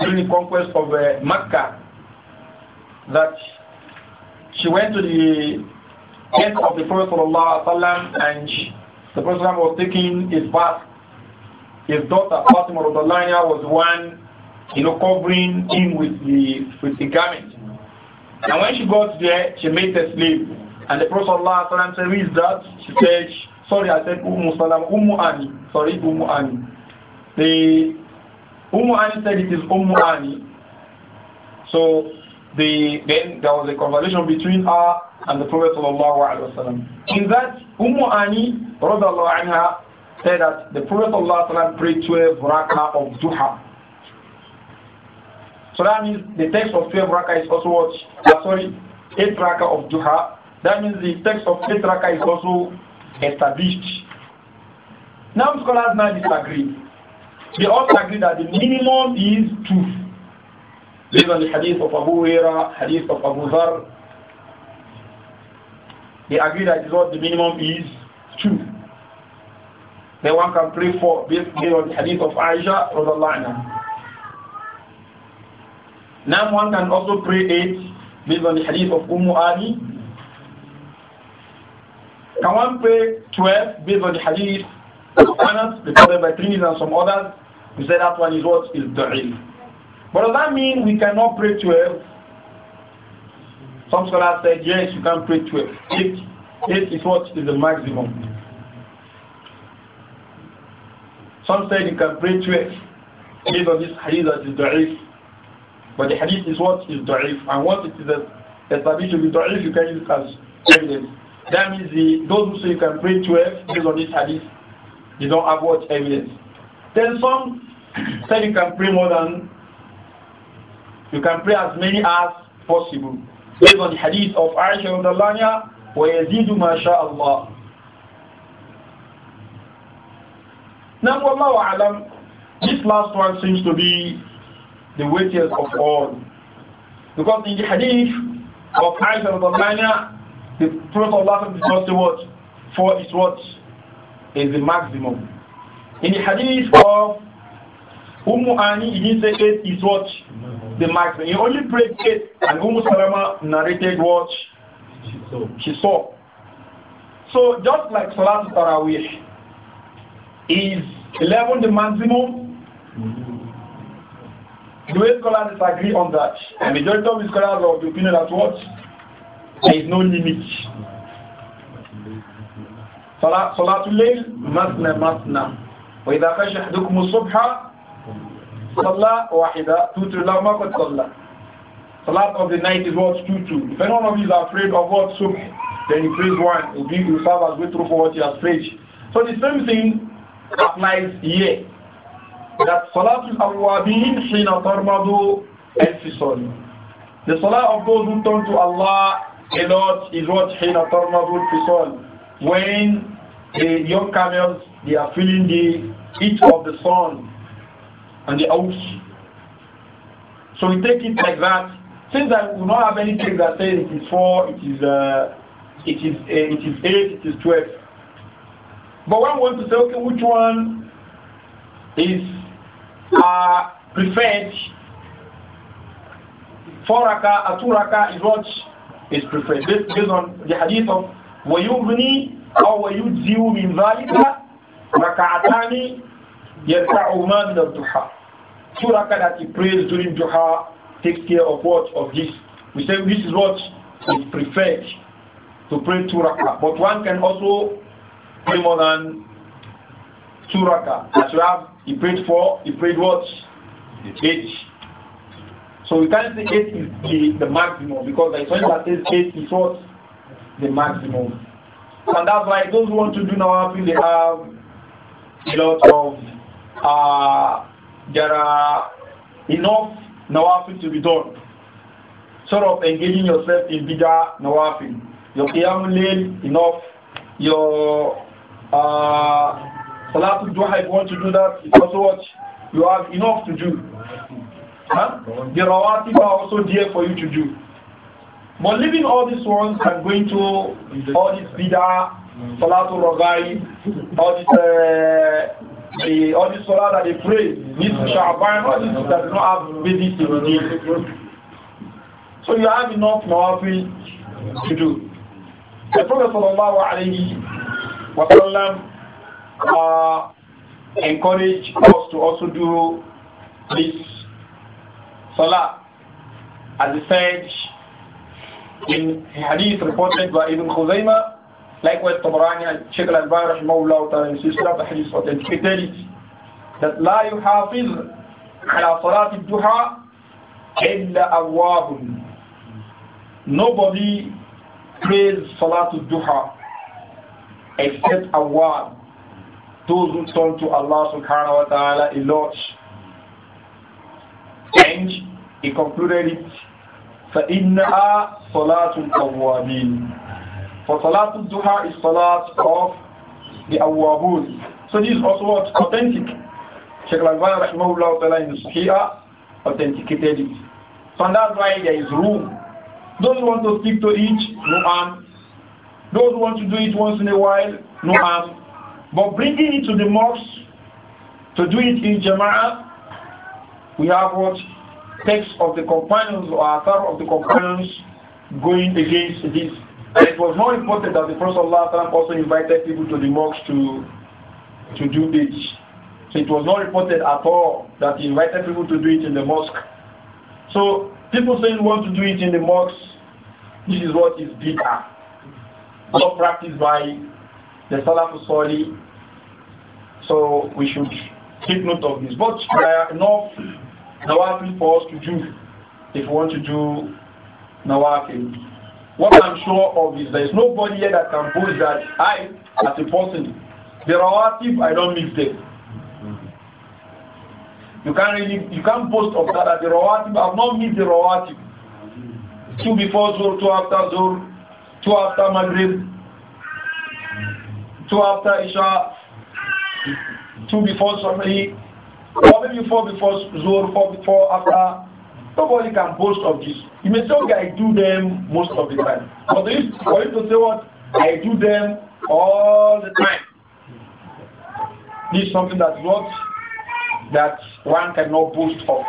S1: during the conquest of uh, Mecca, that she went to the tent of the Prophet and she the Prophet was taking his bath. His daughter Fatima Rodolania was one, you know, covering him with the with the garment. And when she got there, she made the slave. And the Prophet Allah said, Who is that? She said, Sorry, I said Ummu Salam, Ummu Ani. Sorry, Ummu Ani. The Ummu Ani said it is Ummu Ani. So the, then there was a conversation between her and the Prophet wasallam. In that, brother umm Ani anha, said that the Prophet wasallam prayed 12 rakah of duha. So that means the text of 12 rakah is also what? Uh, sorry, 8 rakah of duha. That means the text of 8 rakah is also established. Now scholars now disagree. They all agree that the minimum is 2. Even the hadith of Abu Huraira, hadith of Abu Dhar, they agree that what the minimum is two. Then one can pray for based on the hadith of Aisha anha. Now one can also pray eight based on the hadith of Umm Ali. Can one pray twelve based on the hadith of Anas, reported by Trinidad and some others? We say that one is what is the da'if. But does that mean we cannot pray 12? Some scholars said, yes, you can pray 12. 8, eight is what is the maximum. Some said you can pray 12 based on this hadith that is da'if. But the hadith is what is da'if. And what is it is established to be da'if, you can use it as evidence. That means the, those who say you can pray 12 based on this hadith, they don't have what evidence. Then some said you can pray more than you can pray as many as possible. Based on the hadith of Aisha Radalanya, وَيَزِيدُ مَا شَاءَ اللَّهُ Now, Wallahu Alam, this last one seems to be the weightiest of all. Because in the hadith of Aisha Radalanya, the Prophet of Allah did not say what? For is what is the maximum. In the hadith of Ummu Ani, he didn't say eight is what? the maximum. He only prayed eight, and Umu Salama narrated what she saw. So just like Salat Tarawih is 11 the maximum, the way scholars disagree on that, and majority of the scholars are of the opinion that what? There is no limit. Salat, Salatul Layl, Masna, Masna. وإذا خشى أحدكم الصبح Salah wahida, tutu la maqad salah. Salat of the night is what? two two. If anyone of you is afraid of what? Subh, then you praise one. You be yourself as grateful for what you have prayed. So the same thing applies here. That Salatul Awwabin Hina Tarmadu Al-Fisal. The Salah of those who turn to Allah a lot is what Hina Tarmadu Al-Fisal. When the young camels, they are feeling the heat of the sun and the out. So we take it like that. Since I do not have anything that says it is four, it is uh, it is uh, it is eight, it is twelve. But I want to say, okay, which one is uh, preferred? Four raka, uh, two raka is what is preferred based, based on the hadith of وَيُغْنِي or وَيُجْزِيُ you ذَلِكَ رَكَعَتَانِ يَسْعُ مَا مِنَ الضُّحَى Two rakah that he prays during duha takes care of what? Of this. We say this is what is preferred to pray two rakah. But one can also pray more than two rakah. As you have, he prayed four, he prayed what? Eight. So we can't say eight is the, the maximum because the one that says eight is what? The maximum. And that's why those who want to do now, they have a lot of uh, there are enough nawafin to be done. Sort of engaging yourself in bigger nawafin. Your qiyamul layl, enough. Your uh, salatul duha, if you want to do that, it's also what you have enough to do. Huh? The rawatib are also there for you to do. But leaving all these ones and going to all these bid'ah, salatul ragai, all these uh, the all this salah that they pray, this Sha'ban, all this that do not have basis to do. So you have enough nawafi to do. The Prophet sallallahu alayhi wa sallam uh, encouraged us to also do this salah. As he said in hadith reported by Ibn Khuzaymah, Likewise, Tabarani and Sheikh Al-Albani Rahimahullah Ta'ala in Sisra the Hadith authenticated it that لا يحافظ على صلاة الدحى إلا أواب Nobody prays Salatul Duha except Awab those who turn to Allah subhanahu wa ta'ala a lot. And he concluded it فَإِنَّهَا صَلَاةُ الْأَوَّابِينَ for Salatul Duha is Salat of the Awwabun. So this is also what? Authentic. Sheikh Al-Albani rahimahullah ta'ala in Sahih authenticated it. So that's why there is room. Those who want to stick to each no harm. Those who want to do it once in a while, no harm. But bringing it to the mosque, to do it in Jama'ah, we have what? text of the companions or author of the companions going against this and it was more important that the Prophet ﷺ also invited people to the mosque to, to do it. So it was not reported at all that he invited people to do it in the mosque. So people saying we want to do it in the mosque, this is what is bigger. Not practiced by the Salafus Sali. So we should take note of this. But there are enough nawafil for us to do if we want to do nawafil. What I'm sure of is there is nobody here that can post that I, as a person, There are relative, I don't miss them. You can't really, you can't post of that as the relative. I've not missed the relative. Two before Zor, two after Zor, two after Maghrib, two after Isha, two before Somali, four before Zor, four before after Nobody can boast of this. You may say, okay, I do them most of the time. But this, for you to say what? I do them all the time. This is something that's not, that one cannot boast of.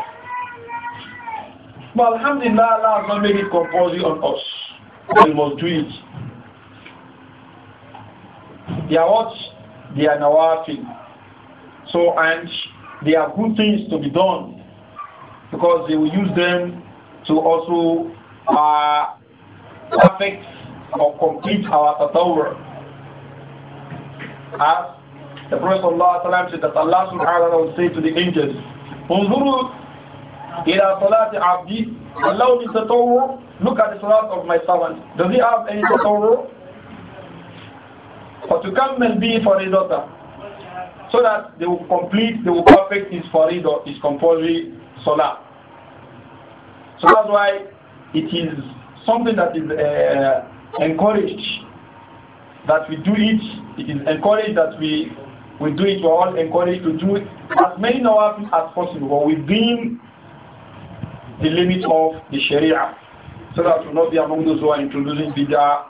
S1: But Alhamdulillah, Allah has not made it compulsory on us. We must do it. They are what? They are nawafil. So, and they are good things to be done because they will use them to also uh, perfect or complete our tatawwur. As the Prophet Allah said that Allah subhanahu wa ta'ala to the angels, allow me tatawwur, look at the salat of my servant. Does he have any tatawwur? For to come and be for his daughter. So that they will complete, they will perfect his farid or his compulsory salah. So that's why it is something that is uh, encouraged that we do it. It is encouraged that we we do it. We're all encouraged to do it as many nawafil as possible, but within the limit of the Sharia, so that we not be among those who are introducing bid'ah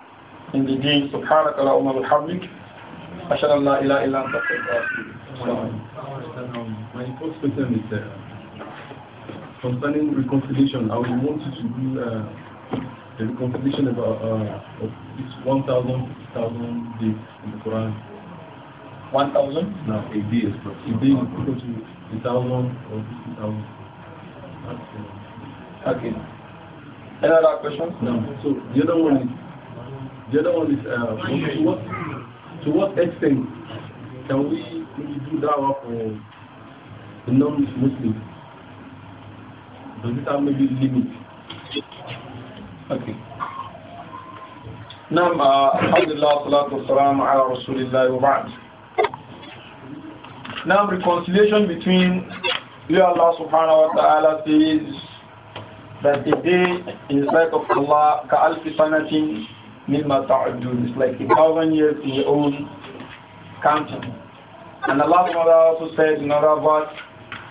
S1: in the deen. of اللهم وبحمدك أشهد أن لا concerning reconciliation, I would want you to do uh, the reconciliation about uh, uh, of this 1,000, 6,000 days in the Quran. 1,000? No, a day is A day is equal to 1,000 or 50,000. okay. Any other questions? No. So the other one is, the other one is, uh, to, what, to what extent can we, can we do dawah for the non-Muslims? Does it have maybe limit? Okay. نعم الحمد لله والصلاة والسلام على رسول الله وبعد Now reconciliation between you and Allah subhanahu wa ta'ala says that the day in the sight of Allah كَأَلْفِ سَنَةٍ مِمَّا تَعُدُّونَ It's like a thousand years in your own counting. And Allah subhanahu wa ta'ala also said in another verse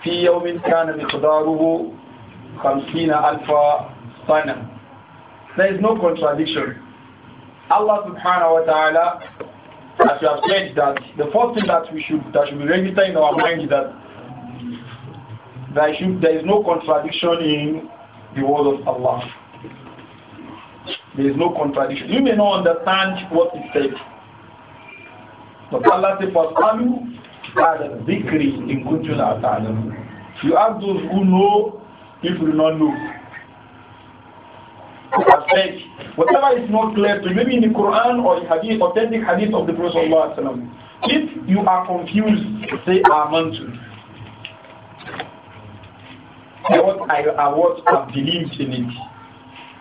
S1: فِي يَوْمٍ كَانَ مِقْدَارُهُ Khamsina Alfa Sana. There is no contradiction. Allah subhanahu wa ta'ala, as you have said, that the first thing that we should that should be registered in our mind is that there, should, there is no contradiction in the word of Allah. There is no contradiction. You may not understand what it said. But Allah says, Fasalu, Adam, Zikri, in Kuntul You have those who know people do not know. Aspect, whatever is not clear to you, maybe in the Quran or in hadith, authentic hadith of the Prophet if you are confused, say Amantu. What I, I what I believe in it.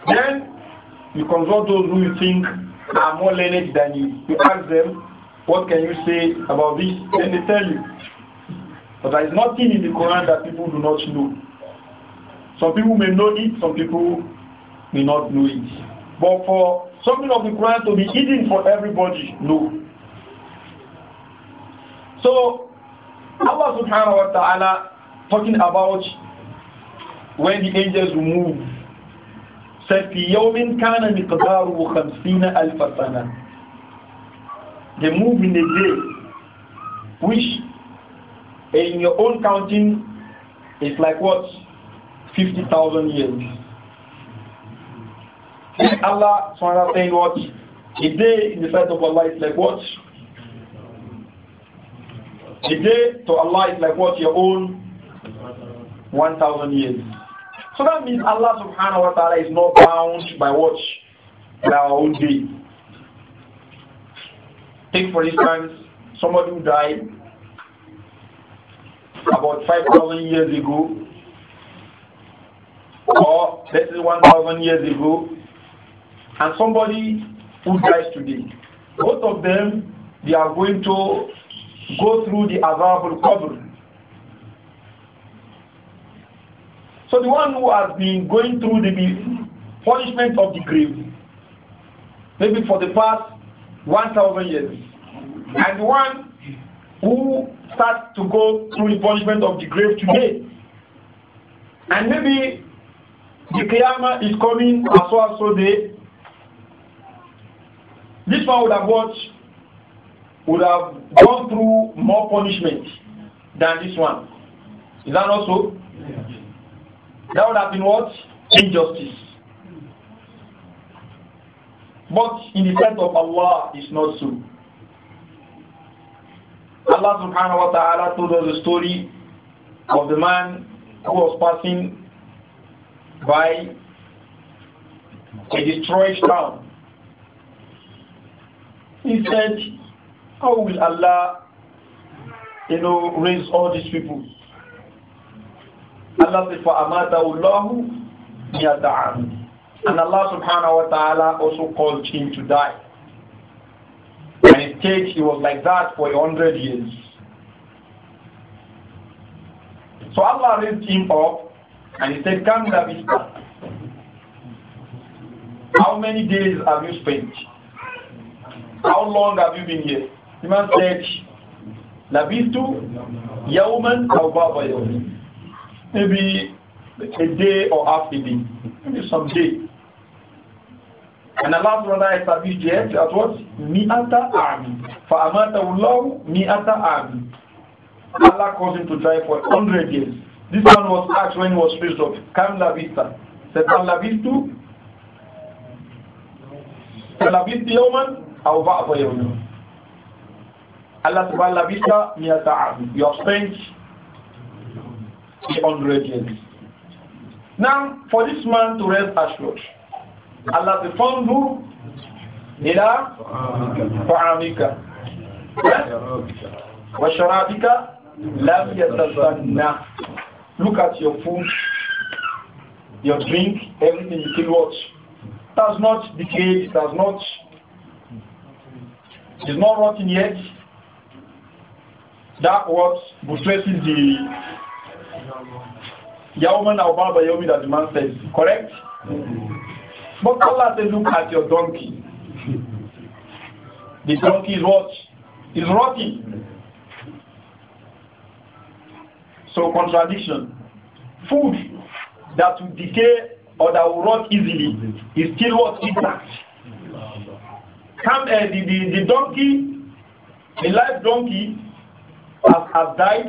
S1: Then you consult those who you think are more learned than you. You ask them, what can you say about this? Then they tell you. But there is nothing in the Quran that people do not know. Some people may know it, some people may not know it. But for something of the Quran to be hidden for everybody, no. So Allah subhanahu wa ta'ala talking about when the angels move said في يوم كان مقداره خمسين ألف سنة they move in a day which in your own counting is like what 50,000 years. And Allah subhanahu saying what? A day in the sight of Allah is like what? A day to Allah is like what? Your own 1,000 years. So that means Allah subhanahu wa ta'ala is not bound by what? By our own day. Take for instance, somebody who died about 5,000 years ago or this is 1,000 years ago, and somebody who dies today. Both of them, they are going to go through the available al So the one who has been going through the punishment of the grave, maybe for the past 1,000 years, and the one who starts to go through the punishment of the grave today, and maybe the Qiyamah is coming as well as today. This one would have watched, would have gone through more punishment than this one. Is that also? Yeah. That would have been what? Injustice. But in the sight of Allah, it's not so. Allah subhanahu wa ta'ala told us the story of the man who was passing by a destroyed town. He said, How will Allah, you know, raise all these people? Allah said, فَأَمَاتَهُ اللَّهُ And Allah subhanahu wa ta'ala also called him to die. And he stayed, he was like that for a hundred years. So Allah raised him up and he said, Kam labista. How many days have you spent? How long have you been here? The man said, Labistu yawman aw baba Maybe a day or half a day. Maybe some day. And Allah SWT established the earth at what? Mi'ata ami. Fa'amata Allah mi'ata ami. Allah caused him to die for 100 years. This one was asked when he was raised up. Kam labista. Said, Kam labistu? Labisti have a ba'da yawman? Allah subhanahu labista miyata'am. You have spent 300 years. Now, for this man to rest assured, Allah the Fondu, ila fa'amika. Wa sharabika lam yatasanna. Look at your food, your drink, everything you can watch. Does not decay, does not, is not rotten yet. That what buttresses the Yawman Aubaba Yomi that the man says, correct? But that says, look at your donkey. The donkey is what? Is rotting. So contradiction. Food that will decay or that will rot easily is still what intact. Come, uh, the, the, the donkey, the live donkey has, has died.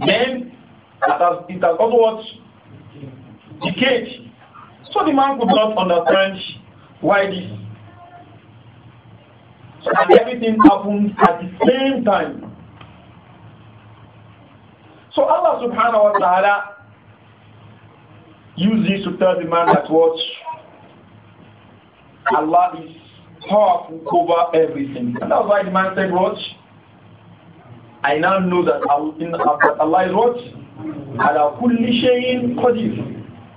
S1: Then it has, it has also what? Decayed. So the man could not understand why this. And everything happened at the same time. So Allah subhanahu wa ta'ala used this to tell the man that what Allah is powerful over everything. And that's why the man said, What? I now know that uh, Allah is what? Allah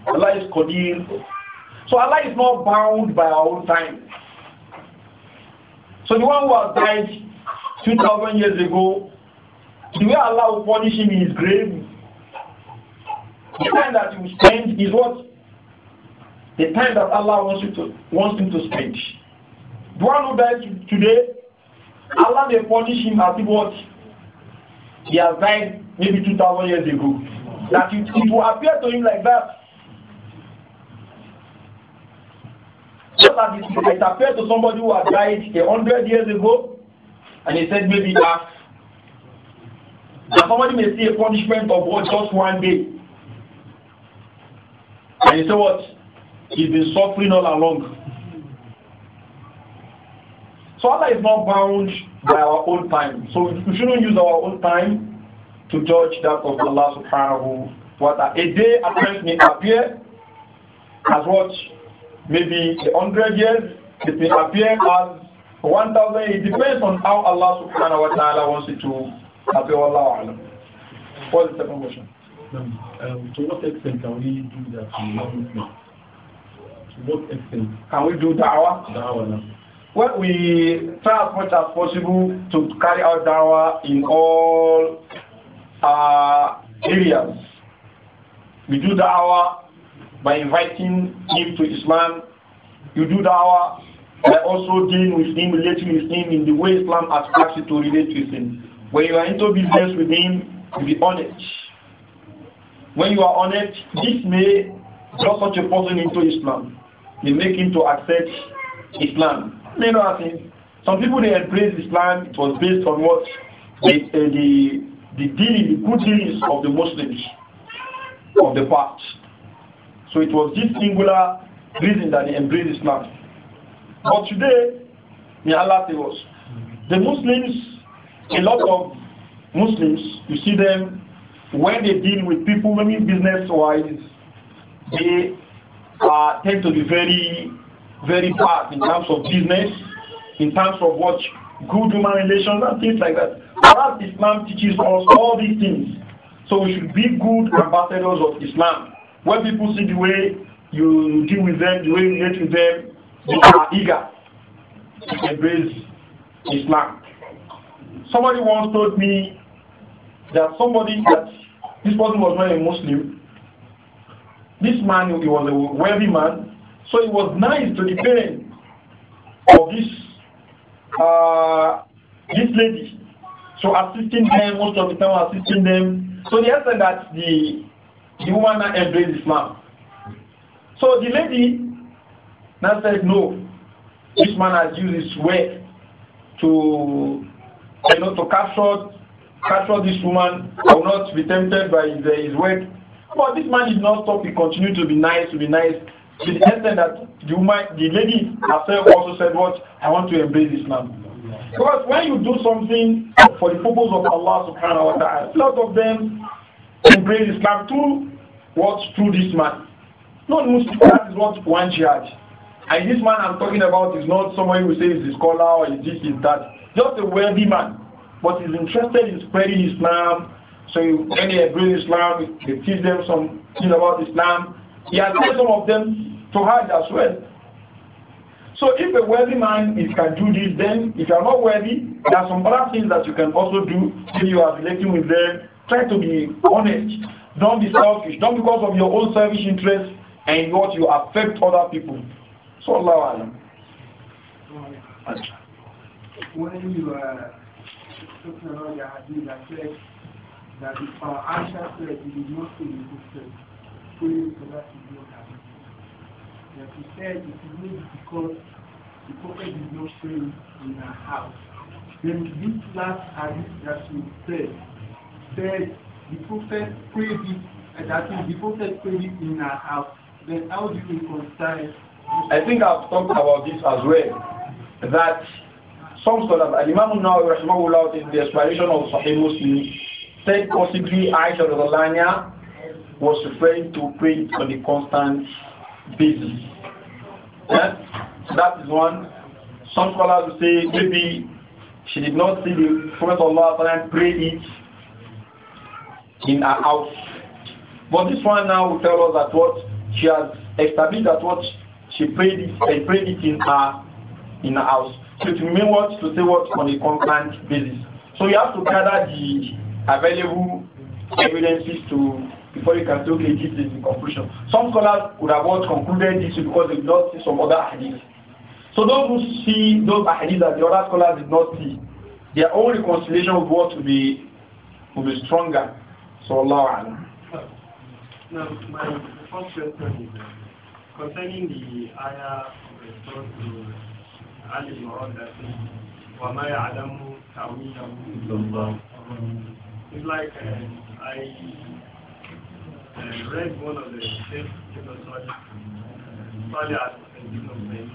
S1: Allah is qadir. So Allah is not bound by our own time. So the one who has died 2,000 years ago the way Allah will punish him in his grave. The time that will spend is what? The time that Allah wants you to wants him to spend. The one who dies today, Allah may punish him as if what? He has died maybe 2,000 years ago. That it, it will appear to him like that. Just as it, it appeared to somebody who had died 100 years ago, and he said maybe that that somebody may see a punishment of what just one day. And you say what? He's been suffering all along. So Allah is not bound by our own time. So we shouldn't use our own time to judge that of Allah subhanahu wa ta'ala. A day at first may appear as what? Maybe a hundred years. It may appear as 1,000. It depends on how Allah subhanahu wa ta'ala wants it to àbí Allah ọ̀la what is the second question. Um, to what extent can we do that To what extent? Can we do da'wah? Da'wah now. Well, we try as much as possible to carry out da'wah in all uh, areas. We do da'wah by inviting him to Islam. You do da'wah by also dealing with him, relating with him in the way Islam has it to relate with him. When you are into business with him, be honest. When you are honest, this may draw such a person into Islam. They make him to accept Islam. You know what I mean? Some people they embrace Islam. It was based on what the uh, the the the good dealings of the Muslims of the past. So it was this singular reason that they embraced Islam. But today, may Allah save us. The Muslims a lot of Muslims, you see them when they deal with people, I mean business wise, they uh, tend to be very, very bad in terms of business, in terms of what good human relations and things like that. But Islam teaches us all these things. So we should be good ambassadors of Islam. When people see the way you deal with them, the way you relate with them, they are eager to embrace Islam somebody once told me that somebody that this person was not a Muslim. This man, he was a wealthy man, so he was nice to the parents of this uh, this lady. So assisting them, most of the time assisting them. So they said that the the woman now embraced Islam. So the lady now said, no, this man has used his wealth to you know, to capture capture this woman. I will not be tempted by his, uh, his work. But this man did not stop. He continued to be nice, to be nice. To the extent that the woman, the lady herself also said, "What I want to embrace this man." Because when you do something for the purpose of Allah Subhanahu wa Taala, a lot of them embrace Islam through what through this man. Not Muslim. That is what one jihad. And this man I'm talking about is not somebody who says he's a scholar or is this, is that just a wealthy man, but he's interested in spreading Islam. So when they agree Islam, they teach them some things about Islam. He has sent some of them to Hajj as well. So if a wealthy man is, can do this, then if you are not wealthy, there are some other things that you can also do when you are relating with them. Try to be honest. Don't be selfish. Don't because of your own selfish interest and what you affect other people. So Allah Alam when you are talking about the hadith that said that if our uh, Aisha said not in the system, praying for that is not happening. That she said it is maybe because the prophet is not praying in her house. Then this last hadith that she said said the prophet prayed it uh, that is the prophet prayed it in her house. Then how do you reconcile I think I've talked about this as well. That some scholars, Imam Nawawi rahimahullah in the explanation of Sahih Muslim said possibly Aisha Radhalanya was referring to praying on a constant basis. Yeah? So that is one. Some scholars say maybe she did not see the Prophet Allah pray it in her house. But this one now will tell us that what she has established that what she prayed it, she eh, prayed it in her in her house. So it will mean what to say what on a concurrent basis. So you have to gather the available evidences to before you can say okay this is the conclusion. Some scholars would have once concluded this because they did not see some other hadith. So those who see those hadith that the other scholars did not see, their own reconciliation of what will be will be stronger. So Allah. Now my first question is uh, concerning the ayah of the عن المردة وما يعلم تأويله It's like uh, I uh, read one of the Sheikh Ibn Salih al-Ibn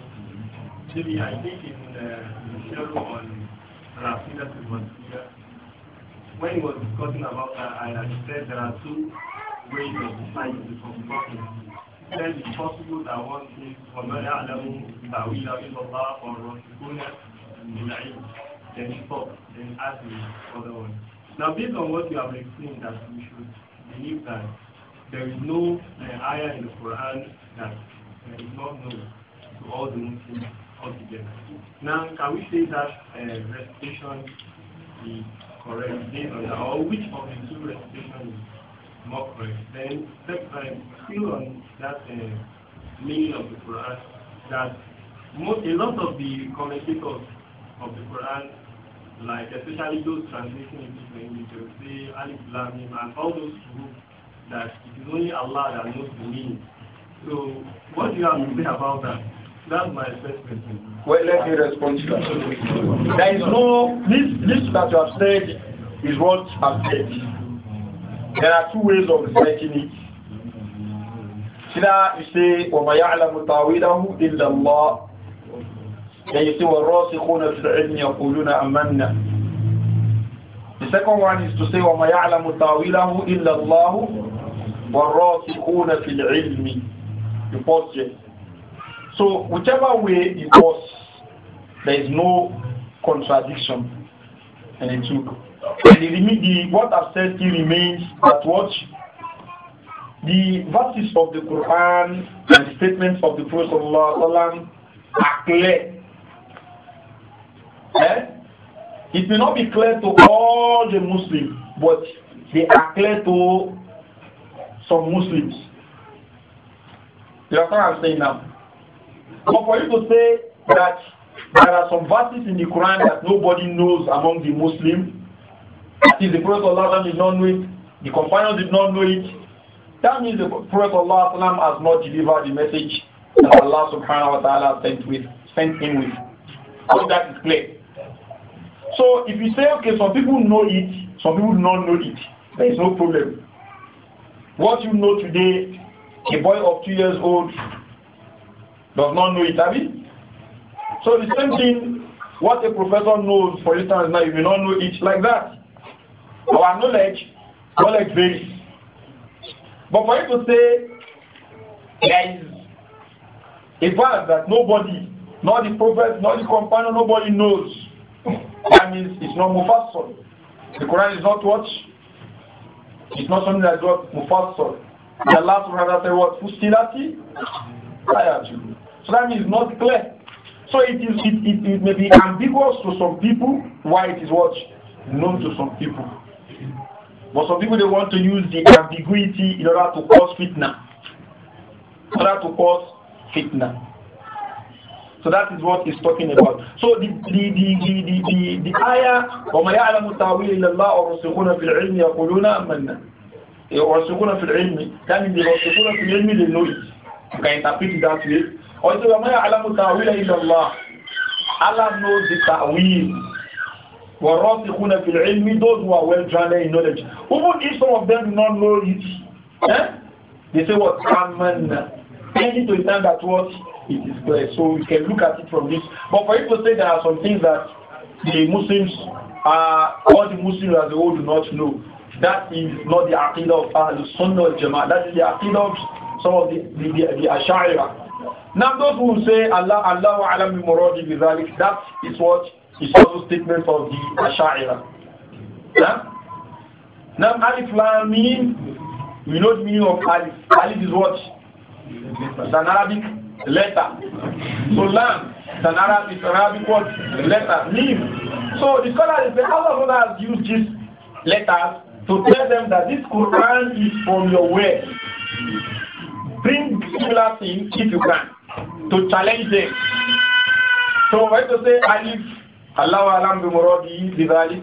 S1: Maybe I think in uh, the show on Rafida al when he was discussing about that, I said there are two ways of deciding to perform then it's possible that one for we are in تَعْوِيلَ إِلَّا اللَّهُ وَالرَّسُولُ بِالْعِلْمِ Then he stops, then ask the one. Now, based on what you have explained, that we should believe that there is no uh, ayah in the Quran that uh, is not known to all the Muslims altogether. Now, can we say that uh, recitation is correct based on that, or which of the two recitations mockery. Then step by still on that uh, meaning of the Quran, that most, a lot of the commentators of the Quran, like especially those translating into English, they will say Alif Lamim and all those groups that it is only Allah that knows the meaning. So what do you have to say about that? That's my assessment. Well, let me respond to that. There is no, this, this that you have said is what I've said. There are two ways of reciting it. Either you say, وَمَا يَعْلَمُ تَعْوِيلَهُ إِلَّا اللَّهُ Then you say, وَالرَّاسِخُونَ فِي الْعِلْمِ يَقُولُونَ أَمَّنَّا The second one is to say, وَمَا يَعْلَمُ تَعْوِيلَهُ إِلَّا اللَّهُ وَالرَّاسِخُونَ فِي الْعِلْمِ You pause here. So whichever way you pause, there is no contradiction in the two. And the, what I've said still remains that what the verses of the Quran and the statements of the Prophet Allah are clear. Eh? It may not be clear to all the Muslims, but they are clear to some Muslims. You understand what I'm saying now? But for you to say that there are some verses in the Quran that nobody knows among the Muslims, that is the Prophet Allah did not know it. The companions did not know it. That means the Prophet Allah has not delivered the message that Allah subhanahu wa ta'ala sent with sent him with. So that is clear. So if you say, okay, some people know it, some people do not know it, there is no problem. What you know today, a boy of two years old does not know it, have you? So the same thing, what a professor knows, for instance, now you may not know it like that. Our knowledge, knowledge varies. But for you to say there is a verse that nobody, not the prophet, not the companion, nobody knows, that means it's not Mufassal. The Quran is not what? It's not something that's what Mufassal. The last rather say what? Fustilati? So that means not clear. So it is it, it, it may be ambiguous to some people why it is what known to some people. But some people they want to use the ambiguity in order to cause fitna. In order to cause fitna. So that is what he's talking about. So the the the the the, the, the ayah وَمَا يَعْلَمُ تَعْوِيلَ اللَّهُ وَرَسُولُهُ فِي الْعِلْمِ يَقُولُونَ أَمَّنَّا eh, وَرَسُولُهُ فِي الْعِلْمِ That means the وَرَسُولُهُ fil الْعِلْمِ they know it. You can interpret it that way. Or it says وَمَا يَعْلَمُ تَعْوِيلَ إِلَّا اللَّهُ Allah knows the ta'wil. وَرَاسِخُونَ فِي الْعِلْمِ Those who are well grounded in knowledge. Even if some of them do not know it, eh? they say what? Amanna. Ah, Only to the time that what? It is clear. So we can look at it from this. But for you to say there are some things that the Muslims, are, all the Muslims as a whole do not know, that is not the Aqidah of Ahl-Sunnah al-Jama'ah. That is the Aqidah of some of the, the, the, the Ash'ari. Now those who say Allah, Allah wa alam bi muradi bi that is what it's also statement of the Asha'ira. Yeah? Now, Alif Lam Mim, we know the meaning of Alif. Alif is what? It's an Arabic letter. So Lam, it's an Arabic, Arabic word, letter, Mim. So the scholar is saying, Allah has used these letters to tell them that this Quran is from your way. Bring similar things if you can to challenge them. So when to say Alif Allahu alam bi muradi bidhalik.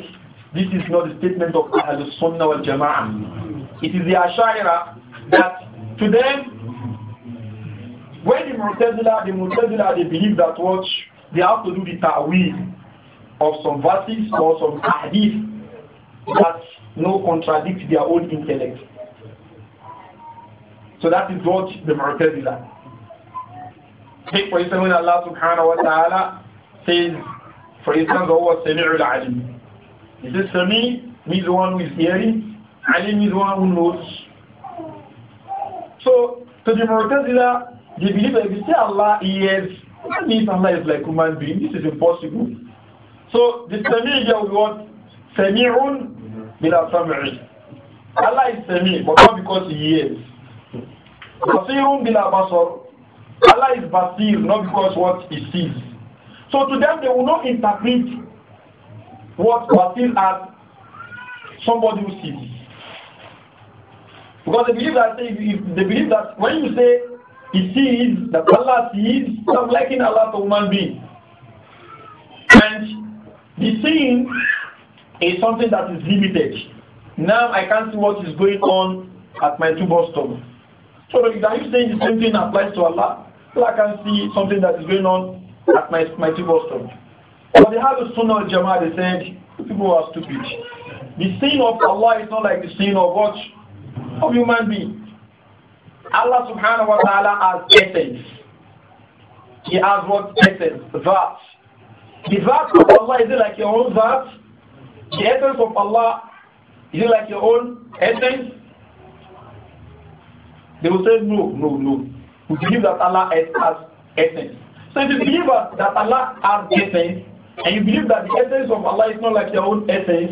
S1: This is not the statement of Ahlul Sunnah wal Jama'ah. It is the Ashaira that to them, when the Mu'tazila, the Mu'tazila, they believe that what they have to do the ta'wil of some verses or some hadith that no contradict their own intellect. So that is what the Mu'tazila. Take for example when Allah subhanahu wa ta'ala says for instance, what was al Alim? Is it Sami means the one who is hearing, Alim is the one who knows. So, to the Mu'tazila, they believe that if you say Allah hears, that means Allah is like human being. This is impossible. So, the Sami here what? Sami'un bila sam'i. Allah is Sami, but not because he hears. Basirun bila basar. Allah is Basir, not because what he sees. So to them, they will not interpret what seen as somebody who sees. Because they believe that they believe that when you say he sees, that Allah sees, I'm liking Allah to human being. And the seeing is something that is limited. Now I can't see what is going on at my two Boston. So are you saying the same thing applies to Allah? Allah can see something that is going on at my my was wrong. But the Ahlul Sunnah al Jama'ah, they said, people are stupid. The sin of Allah is not like the sin of what? Of human being. Allah subhanahu wa ta'ala has essence. He has what essence? That. The that of Allah is it like your own that? The essence of Allah is it like your own essence? They will say no, no, no. We believe that Allah has essence. So if you believe that Allah has essence, and you believe that the essence of Allah is not like your own essence,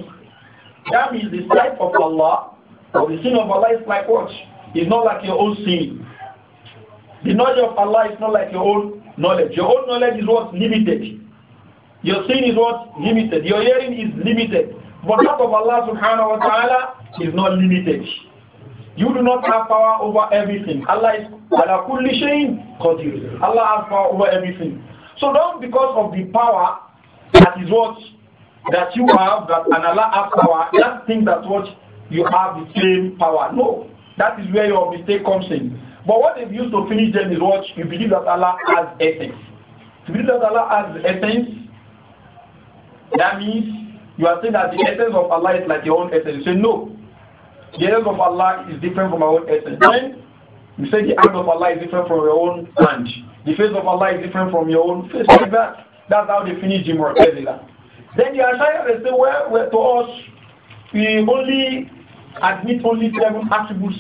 S1: that means the sight of Allah or the sin of Allah is like what? It's not like your own sin. The knowledge of Allah is not like your own knowledge. Your own knowledge is what? Limited. Your sin is what? Limited. Your hearing is limited. But that of Allah subhanahu wa ta'ala is not limited. You do not have power over everything. Allah is ala kulli you. qadir. Allah has power over everything. So don't because of the power that is what that you have that Allah has power, just think that what you have the same power. No. That is where your mistake comes in. But what they've used to finish them is what you believe that Allah has essence. To believe that Allah has essence, that means you are saying that the essence of Allah is like your own essence. You say no the end of Allah is different from our own essence. Then you say the hand of Allah is different from your own hand. The face of Allah is different from your own face. Like that. That's how they finish the Mu'tazila. Then the Ashaya they say, well, well, to us, we only admit only seven attributes.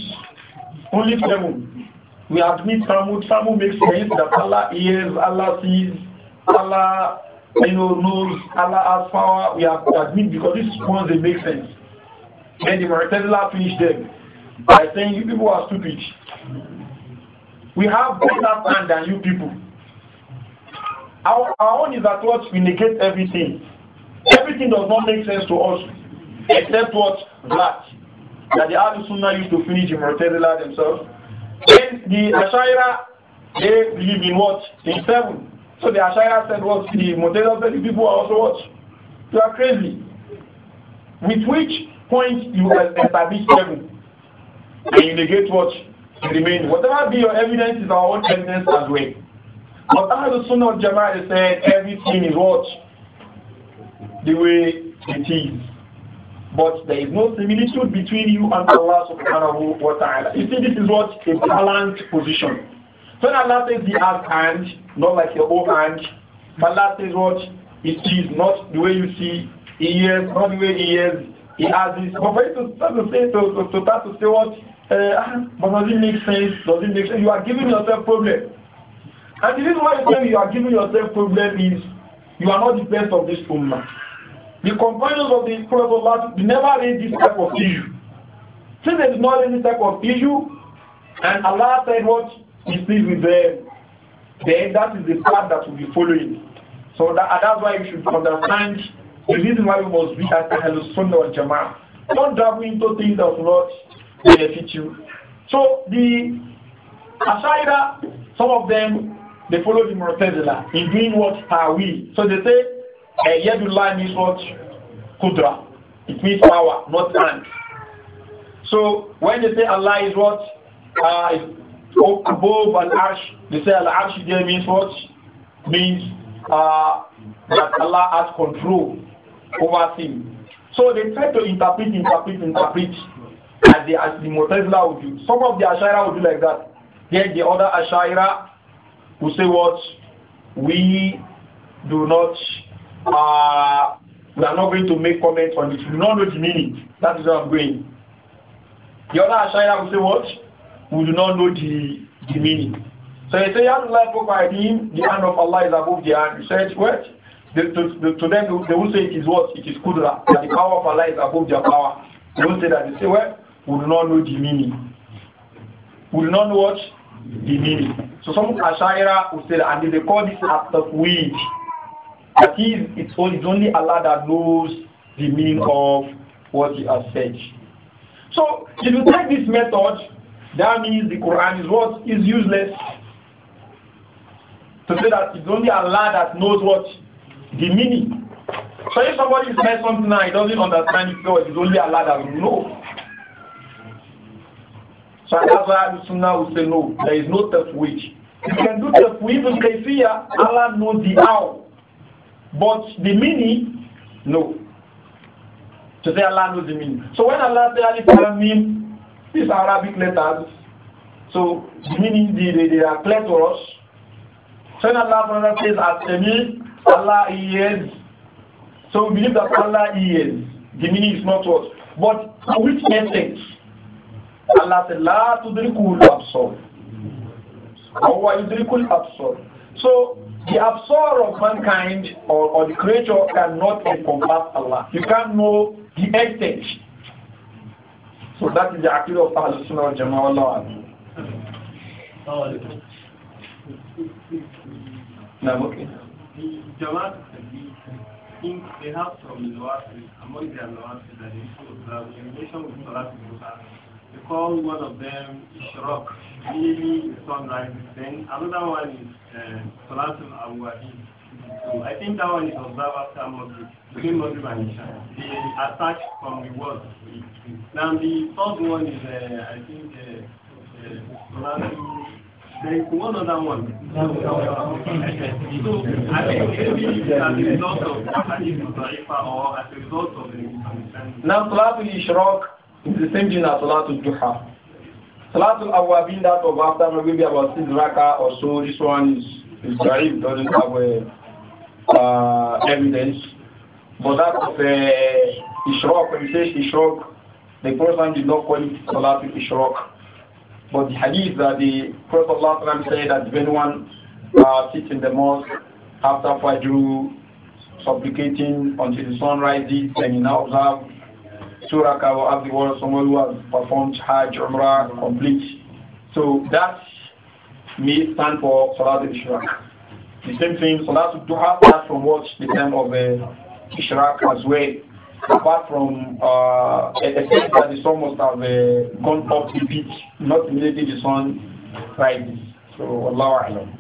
S1: Only seven. We admit Samu. Samu makes sense that Allah hears, Allah sees, Allah you know, knows, Allah has power. We have to admit because this one they make sense. Then the Mu'tazila finished them by saying, You people are stupid. We have better plan than you people. Our, our own is that what we negate everything. Everything does not make sense to us except what black that the Ahlul Sunnah used to finish the Mu'tazila themselves. Then the Ashaira, they believe in what? In seven. So the Ashaira said what? The Mu'tazila said, people are also what? You are crazy. With which point you establish seven, and you negate what remains. Whatever be your evidence is our own evidence as well. But as the Sunnah of Jama'ah said, everything is what? The way it is. But there is no similitude between you and Allah subhanahu wa ta'ala. You see, this is what? A balanced position. When Allah says he has hand, not like your own hand, Allah says what? It is not the way you see, he hears, not the way he hears, he has his prophet to start to say to, to, to start to say what uh, but does it make sense? Does it make sense? You are giving yourself problem. And the reason why you say you are giving yourself problem is you are not the best of this woman. The companions of the Prophet of Allah never raised this type of issue. Since they did not raise this type of issue, and Allah said what He sees with them, then that is the path that will be following. So that, that's why you should understand the reason why we must be at the Sunnah wal Jama'ah. Don't dive into things that will not benefit you. So the Ashaira, some of them, they follow the Mu'tazila in doing what are we. So they say, uh, Yadullah means what? Kudra. It means power, not hand. So when they say Allah is what? Uh, above an arsh, they say al arsh there means what? Means uh, that Allah has control over sin. So they try to interpret, interpret, interpret as the, as the Mu'tazila would do. Some of the ashira would do like that. Then the other ashira, will say what? We do not, uh, we are not going to make comments on We do not know the meaning. That is where I'm going. The other ashira will say what? We do not know the, the meaning. So he said, Yadu Allah the hand of Allah is above the hand. He said, what? to, the, to, them, they will say it is what? It is Kudra. That the power of Allah is above their power. They will say that. They say, well, we do not know the meaning. We do not know what? The meaning. So some Ashaira will say that, and they call this act of weed. That is, it's only, it's only Allah that knows the meaning of what he has said. So if you take this method, that means the Quran is what? Is useless. To say that it's only Allah that knows what the meaning. So if somebody says something and he doesn't understand it, so it's only Allah that will know. So that's why Sunnah will say no. There is no tafwid. You can do tafwid in kayfiyah. Allah knows the how. But the meaning, no. To say Allah knows the meaning. So when Allah says Alif Lamim, these are Arabic letters. So the meaning, they, they, they are clear to us. So when Allah says Asemi, Allah is, So we believe that Allah is. The meaning is not what. But which essence? Allah said, La tudrikul absor. Wa yudrikul absor. So the absor of mankind or, or the creature cannot encompass Allah. You can't know the extent. So that is the attitude of Allah Sunnah al Jama'ah. Now, okay. Jamaat Hadith think they have some nuances among their nuances that they should observe in relation with Salat al They call one of them Ishraq, meaning the sunrise. rises. Then another one is uh, Salat al So I think that one is observed after Maghrib, between Maghrib and Isha. The attach from the word. Now the third one is, uh, I think, uh, uh, Salat there is one other one. so I think maybe as a result of or as a result of the Now Salatul Ishraq is the same thing as Salatul Duha. Salatul Awabin that of after maybe about six raka or so, this one is, is Zarif, doesn't have uh, uh, evidence. But that of uh, Ishraq, when it says Ishraq, the person did not call it Salatul Ishraq. But the hadith that the Prophet Allah said that if anyone uh, sits in the mosque after Fajr supplicating until the sun rises, then he now observes surah. rakah or have the word someone who has performed Hajj Umrah complete. So that may stand for Salat al-Ishraq. The same thing, Salat al-Duha, that's from what the time of uh, Ishraq as well apart from uh, except that the sun must have gone up the beach, not immediately the sun rises. So Allah Alam.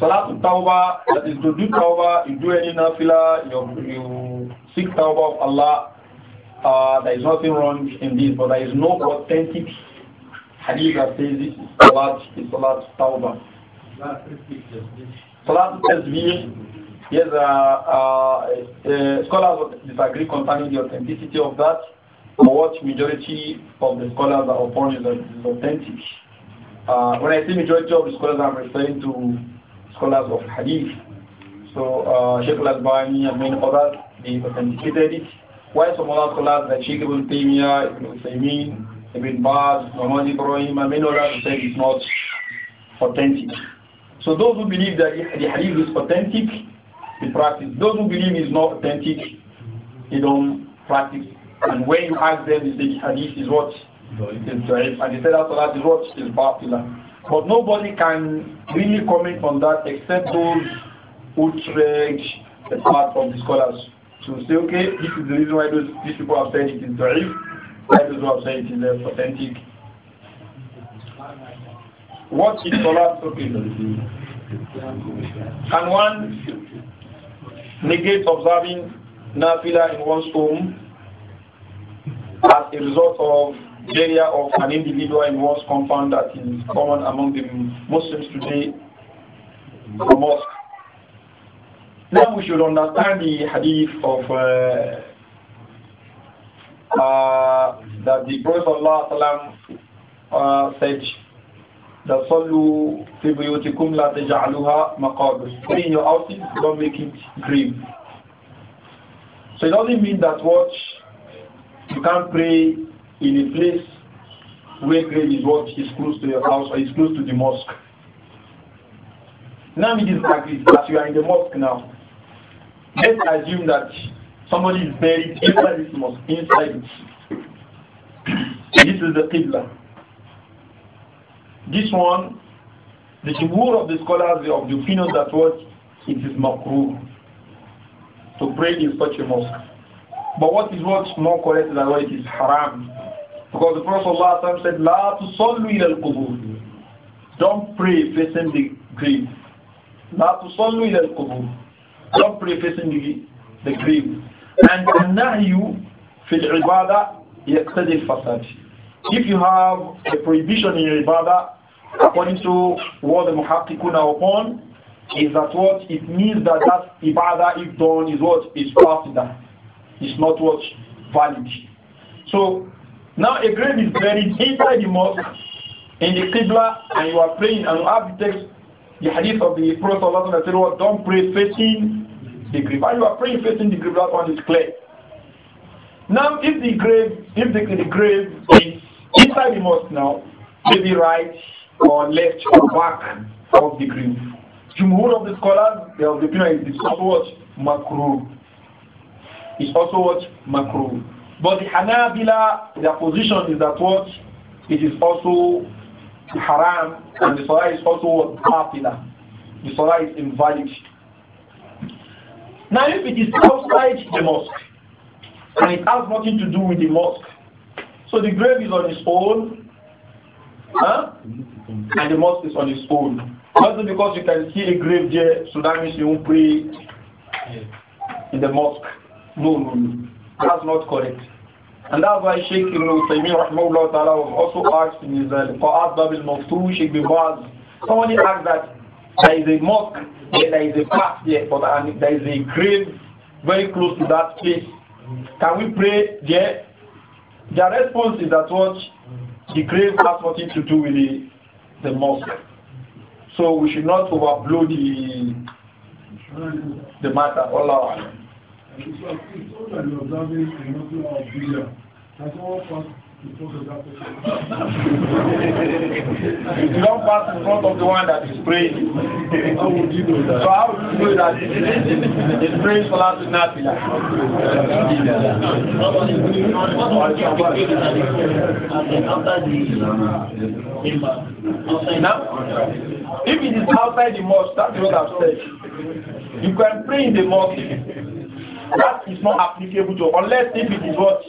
S1: Salat Tawbah, that is to do Tawbah, you do any nafila, you, you seek Tawbah of Allah. Uh, there is nothing wrong in this, but there is no authentic hadith that says this is Salat, is Salat Tawbah. Salat Tasbih Yes, uh, uh, uh scholars disagree concerning the authenticity of that. What majority of the scholars are upon is, authentic. Uh, when I say majority of the scholars, I'm referring to scholars of Hadith. So uh, Sheikh Al-Albani and many others, they authenticated it. Why some other scholars like Sheikh Ibn Taymiyyah, Ibn Uthaymeen, Ibn Baz, Muhammad Ibrahim, and many others it's not authentic. So those who believe that the Hadith is authentic, practice. Those who believe is not authentic, they don't practice. And when you ask them, they say hadith is what? It's And they say that what? Is popular. But nobody can really comment on that except those who trade the part of the scholars. To so say, okay, this is the reason why those, these people have said it is da'if, why those who have said it is authentic. What is talking about? Can one negate observing nafila in one's home as a result of area of an individual in one's compound that is common among the Muslims today, the mosque. Now we should understand the hadith of uh, uh, that the Prophet Allah uh, said La in your houses, don't make it grave. So it doesn't mean that what you can't pray in a place where grave is what is close to your house or is close to the mosque. Now it is this that you are in the mosque now. Let's assume that somebody is buried inside this mosque, inside it. This is the Qibla. This one, the jumhur of the scholars of the opinion that what it is makruh to pray in such a mosque. But what is what more correct than what it is haram. Because the Prophet Allah said, La tusallu ila al-qubur. Don't pray facing the grave. La tusallu ila al-qubur. Don't pray facing the, the grave. And the nahyu fil ibadah yaqtadi al-fasad. If you have a prohibition in your ibadah, according to what the muhakkikun upon, is that what it means that that ibadah if done is what is fasida, is not what valid. So now a grave is buried inside the mosque in the qibla and you are praying and you have the text, the hadith of the Prophet that said, well, don't pray facing the grave. And you are praying facing the grave, that one is clear. Now if the grave, if the, the grave is inside the mosque now, maybe right or left or back of the green. Jumhur of the scholars, they are the opinion is also what? Makruh. It's also what? Makruh. But the Hanabila, their position is that what? It is also haram and the salah is also popular. The salah is invalid. Now if it is outside the mosque and it has nothing to do with the mosque, so the grave is on its own, huh? and the mosque is on its own. Not because you can see a grave there, so that means you won't pray in the mosque. No, no, no. That's not correct. And that's why Sheikh Ibn Uthaymeen rahmahullah ta'ala was also asked in his Qa'at uh, Bab al-Maftu, Sheikh Baz. Somebody asked that there is a mosque, there, there is a path there, but there is a grave very close to that place. Can we pray there? Their response is that what the grave has nothing to do with the, the mosque. So we should not overblow the the matter you don't pass in front of the one that is praying, how would you know that? So how would you know that it's praying for us to not be Now, if it is outside the mosque, that's what I've said. You can pray in the mosque. That is not applicable to unless if it is what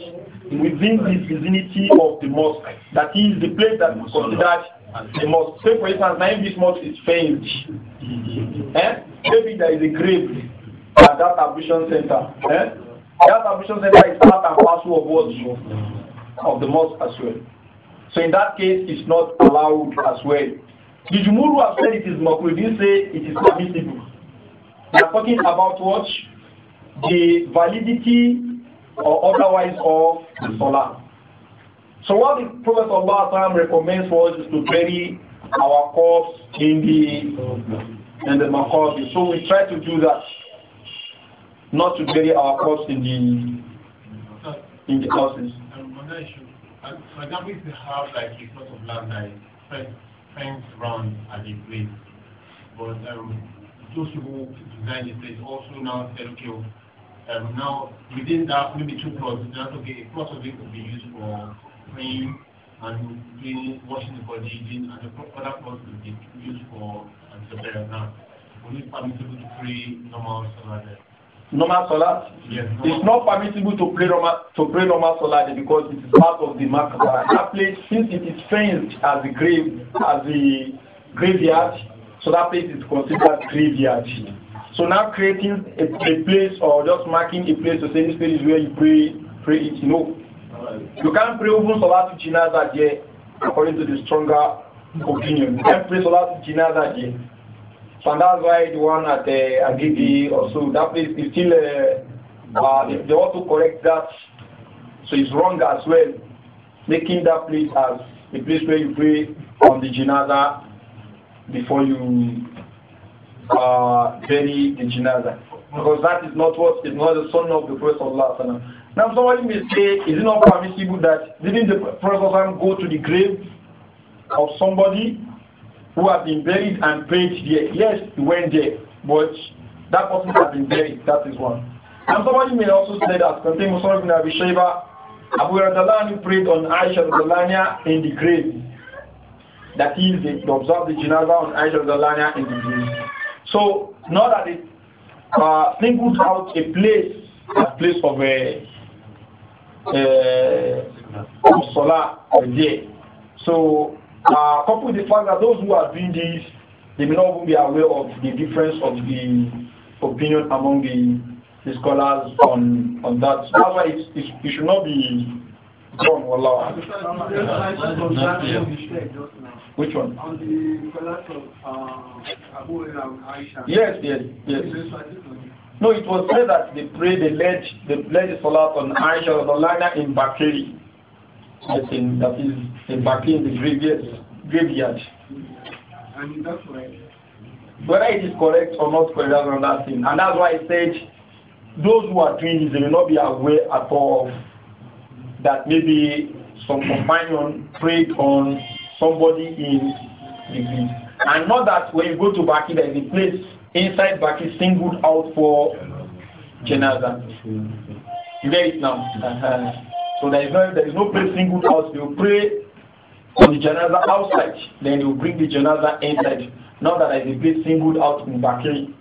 S1: within the vicinity of the mosque. That is the place that is considered the mosque. Say for instance, my this mosque is failed, eh? maybe there is a grave at that ablution center. Eh? That ablution center is part and parcel of what of the mosque as well. So in that case, it's not allowed as well. The Jumuru have said it is makruh. They say it is permissible. They are talking about what the validity or otherwise of the salah. So what the Prophet Allah recommends for us is to bury our corpse in the in the maqabi. So we try to do that, not to bury our corpse in the in the houses. Uh, for example, if you have like a plot of land that is fenced round at a place, but um, those people who design the place also now say, okay, um, now, within that, maybe two plots, That okay. A plot of it will be used for cream and cleaning, washing the body, eating, and the other plot will be used for um, the prayer. Now, Will it permissible to pray normal salah there? Normal salah? Yes. Normal. It's not permissible to pray normal to pray normal salah because it is part of the makbara. That place, since it is fenced as the grave, as the graveyard, so that place is considered graveyard. So now creating a, a, place or just marking a place to say this place is where you pray, pray it, you know. You can't pray even Salat Jinaza there, according to the stronger opinion. You can't pray Jinaza there. So and that's why the one at uh, Agidi or so, that place is still, uh, uh, they, they want to correct that. So it's wrong as well, making that place as a place where you pray on the Jinaza before you bury uh, the Because that is not what is not the son of the Prophet Allah. Now somebody may say, is it not permissible that didn't the Prophet go to the grave of somebody who had been buried and prayed there? Yes, he went there, but that person has been buried. That is one. And somebody may also say that contain Musa bin Abi Shayba, Abu Radalani prayed on Aisha Radalania in the grave. That is, they observe the janaza on Aisha Radalania in the grave. So now that it uh, singles out a place, a place of a, uh, uh, solar day. So uh, coupled with the fact that those who are doing this, they may not even be aware of the difference of the opinion among the, the scholars on on that. So that's why it, it should not be done. Wallah. Which one? On the collapse of uh, Abu and Aisha. Yes, yes, yes. No, it was said that they prayed the ledge, the ledge salat on Aisha Radhalana in Bakri. I think that is in Bakri in the graveyard. graveyard. And that's right. Whether it is correct or not correct, that's another thing. And that's why I said those who are doing this, they will not be aware at all that maybe some companion prayed on somebody in Baki. And not that when you go to Baki, there is a place inside Baki singled out for Janaza. You get it now? Uh-huh. So there is, no, there is no place singled out. They will pray on the Janaza outside, then they will bring the Janaza inside. Not that there is a place singled out in Baki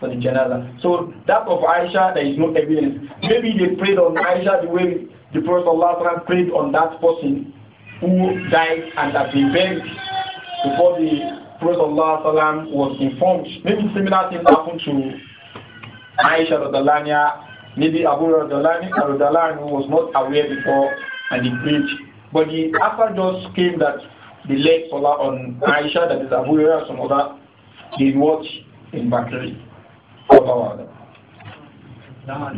S1: for the janaza. So that of Aisha, there is no evidence. Maybe they prayed on Aisha the way the Prophet Allah prayed on that person who died and had been buried before the Prophet ﷺ was informed. Maybe similar things happened to Aisha Radalania, maybe Abu Radalani Radalani who was not aware before and he preached. But the after just came that the late Salah on Aisha, that is Abu Hurairah, some other, they watch in Bakri. What about that?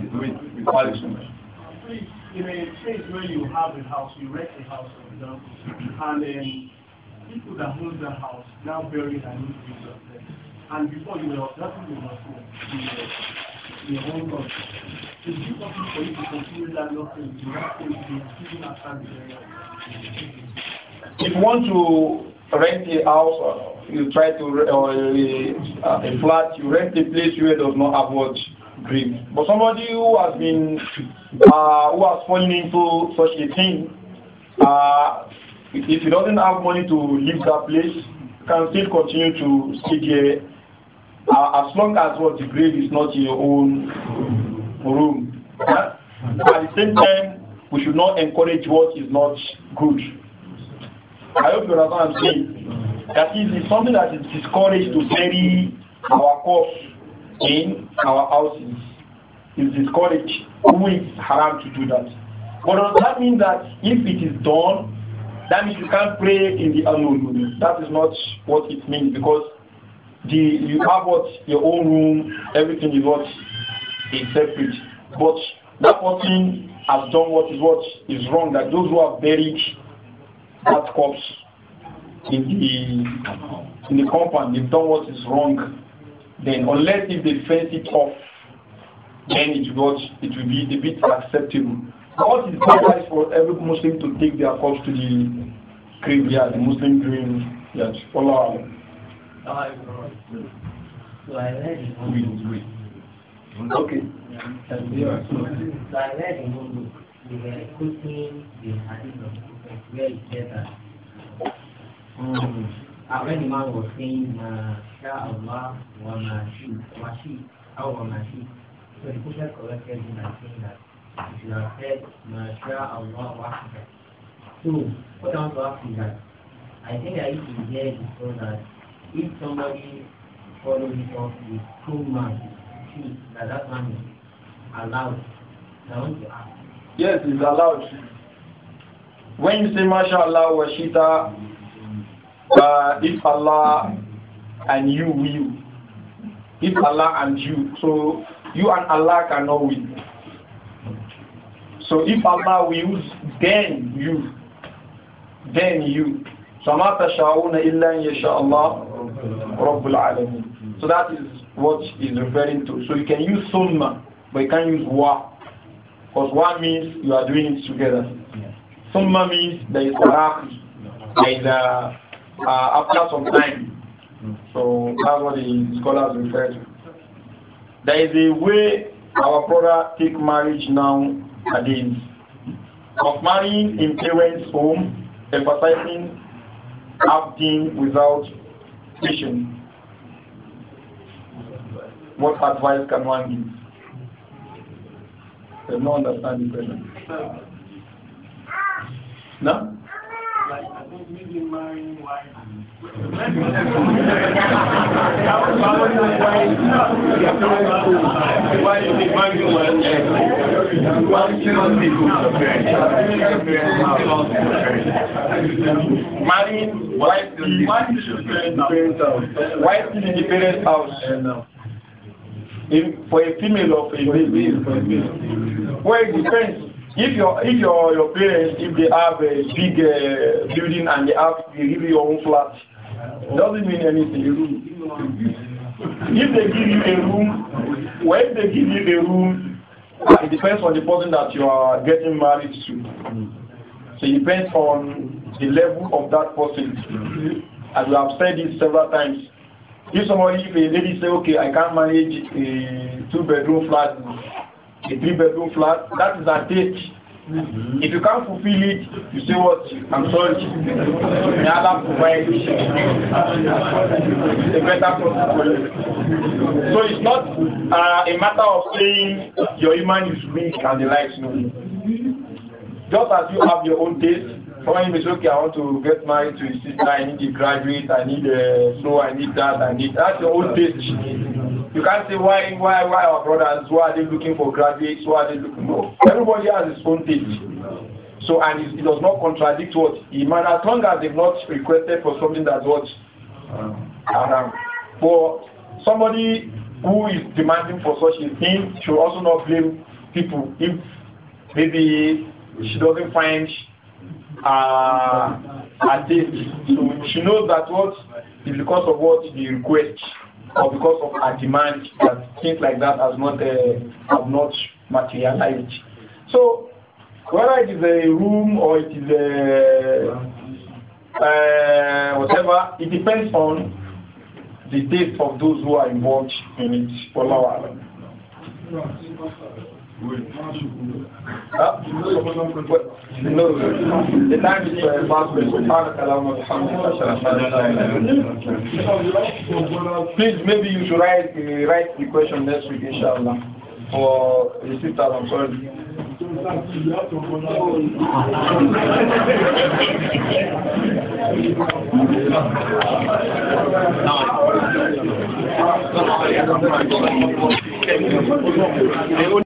S1: in a place where you have a house, you rent a house, for example, and then people that own the house now bury their new things of them. And before you were that people were home, you were home country. It's difficult for you to continue that nothing, you have to be after the area. If you want to rent a house, uh, you try to, or a, uh, a flat, you rent a place where it does not have what but somebody who has been, uh, who has fallen into such a thing, uh, if he doesn't have money to leave that place, can still continue to stay there uh, as long as what the grave is not in your own room. At the same time, we should not encourage what is not good. I hope you understand what I'm saying. That is, it's something that is discouraged to bury our corpse in our houses is discouraged. Who is haram to do that? But does that mean that if it is done, that means you can't pray in the unknown? That is not what it means because the you have what your own room, everything is what is separate. But that person has done what is what is wrong. That those who have buried that corpse in the in the compound, they've done what is wrong then unless if they fence it off, then it will, it will be a bit acceptable. What is better is for every Muslim to take their corpse to the graveyard, the Muslim graveyard. Allah. Okay. So I read in one already man was saying Masha'Allah wa Mashi, Mashi, or Mashi. So the Prophet corrected him and saying that you should have So what I want to ask is that I think that if you hear it so that if somebody follows it up with two man, see that that man is allowed, I want to ask. Yes, it's allowed. When you say Masha'Allah wa Shita, uh, if Allah and you will, if Allah and you, so you and Allah cannot win. So if Allah wills, then you, then you. So that is what he's that is what is referring to. So you can use summa, but you can't use wa. Because wa means you are doing it together. Summa means there is tarafi, there is a uh, uh, after some time. So that's what the scholars refer to. There is a way our brother take marriage now nowadays of marrying in parents' home, emphasizing acting without vision. What advice can one give? There's no understanding present. No? like, wife think the parents' house. wife in the parents' house. In, for a female of a baby, for a male if your if your your parents if they have a big uh, building and they have they give you your own flat, doesn't mean anything. If they give you a room, when they give you a room, uh, it depends on the person that you are getting married to. So it depends on the level of that person. As we have said this several times, if somebody, if a lady say, okay, I can't manage a two-bedroom flat a three bedroom flat, that is a date. Mm-hmm. If you can't fulfill it, you say what? I'm sorry. May Allah provide a better process for you. So it's not uh, a matter of saying your iman is weak and the likes. No. Just as you have your own taste, For may okay, I want to get married to his sister, I need a graduate, I need a uh, so, I need that, I need that. That's your own taste. You can't say why, why, why our brothers, why are they looking for graduates, why are they looking for... Everybody has his own thing. So, and it, it, does not contradict what Iman, as long as they've not requested for something that's what But For somebody who is demanding for such a thing should also not blame people if maybe she doesn't find uh, a date. So she knows that what is because of what the request or because of a demand that things like that has not uh, have not materialized. So whether it is a room or it is a uh, whatever, it depends on the taste of those who are involved in it. Wallahu alam. Please, maybe you should write, uh, write the question next week, inshallah, for the sister. I'm sorry.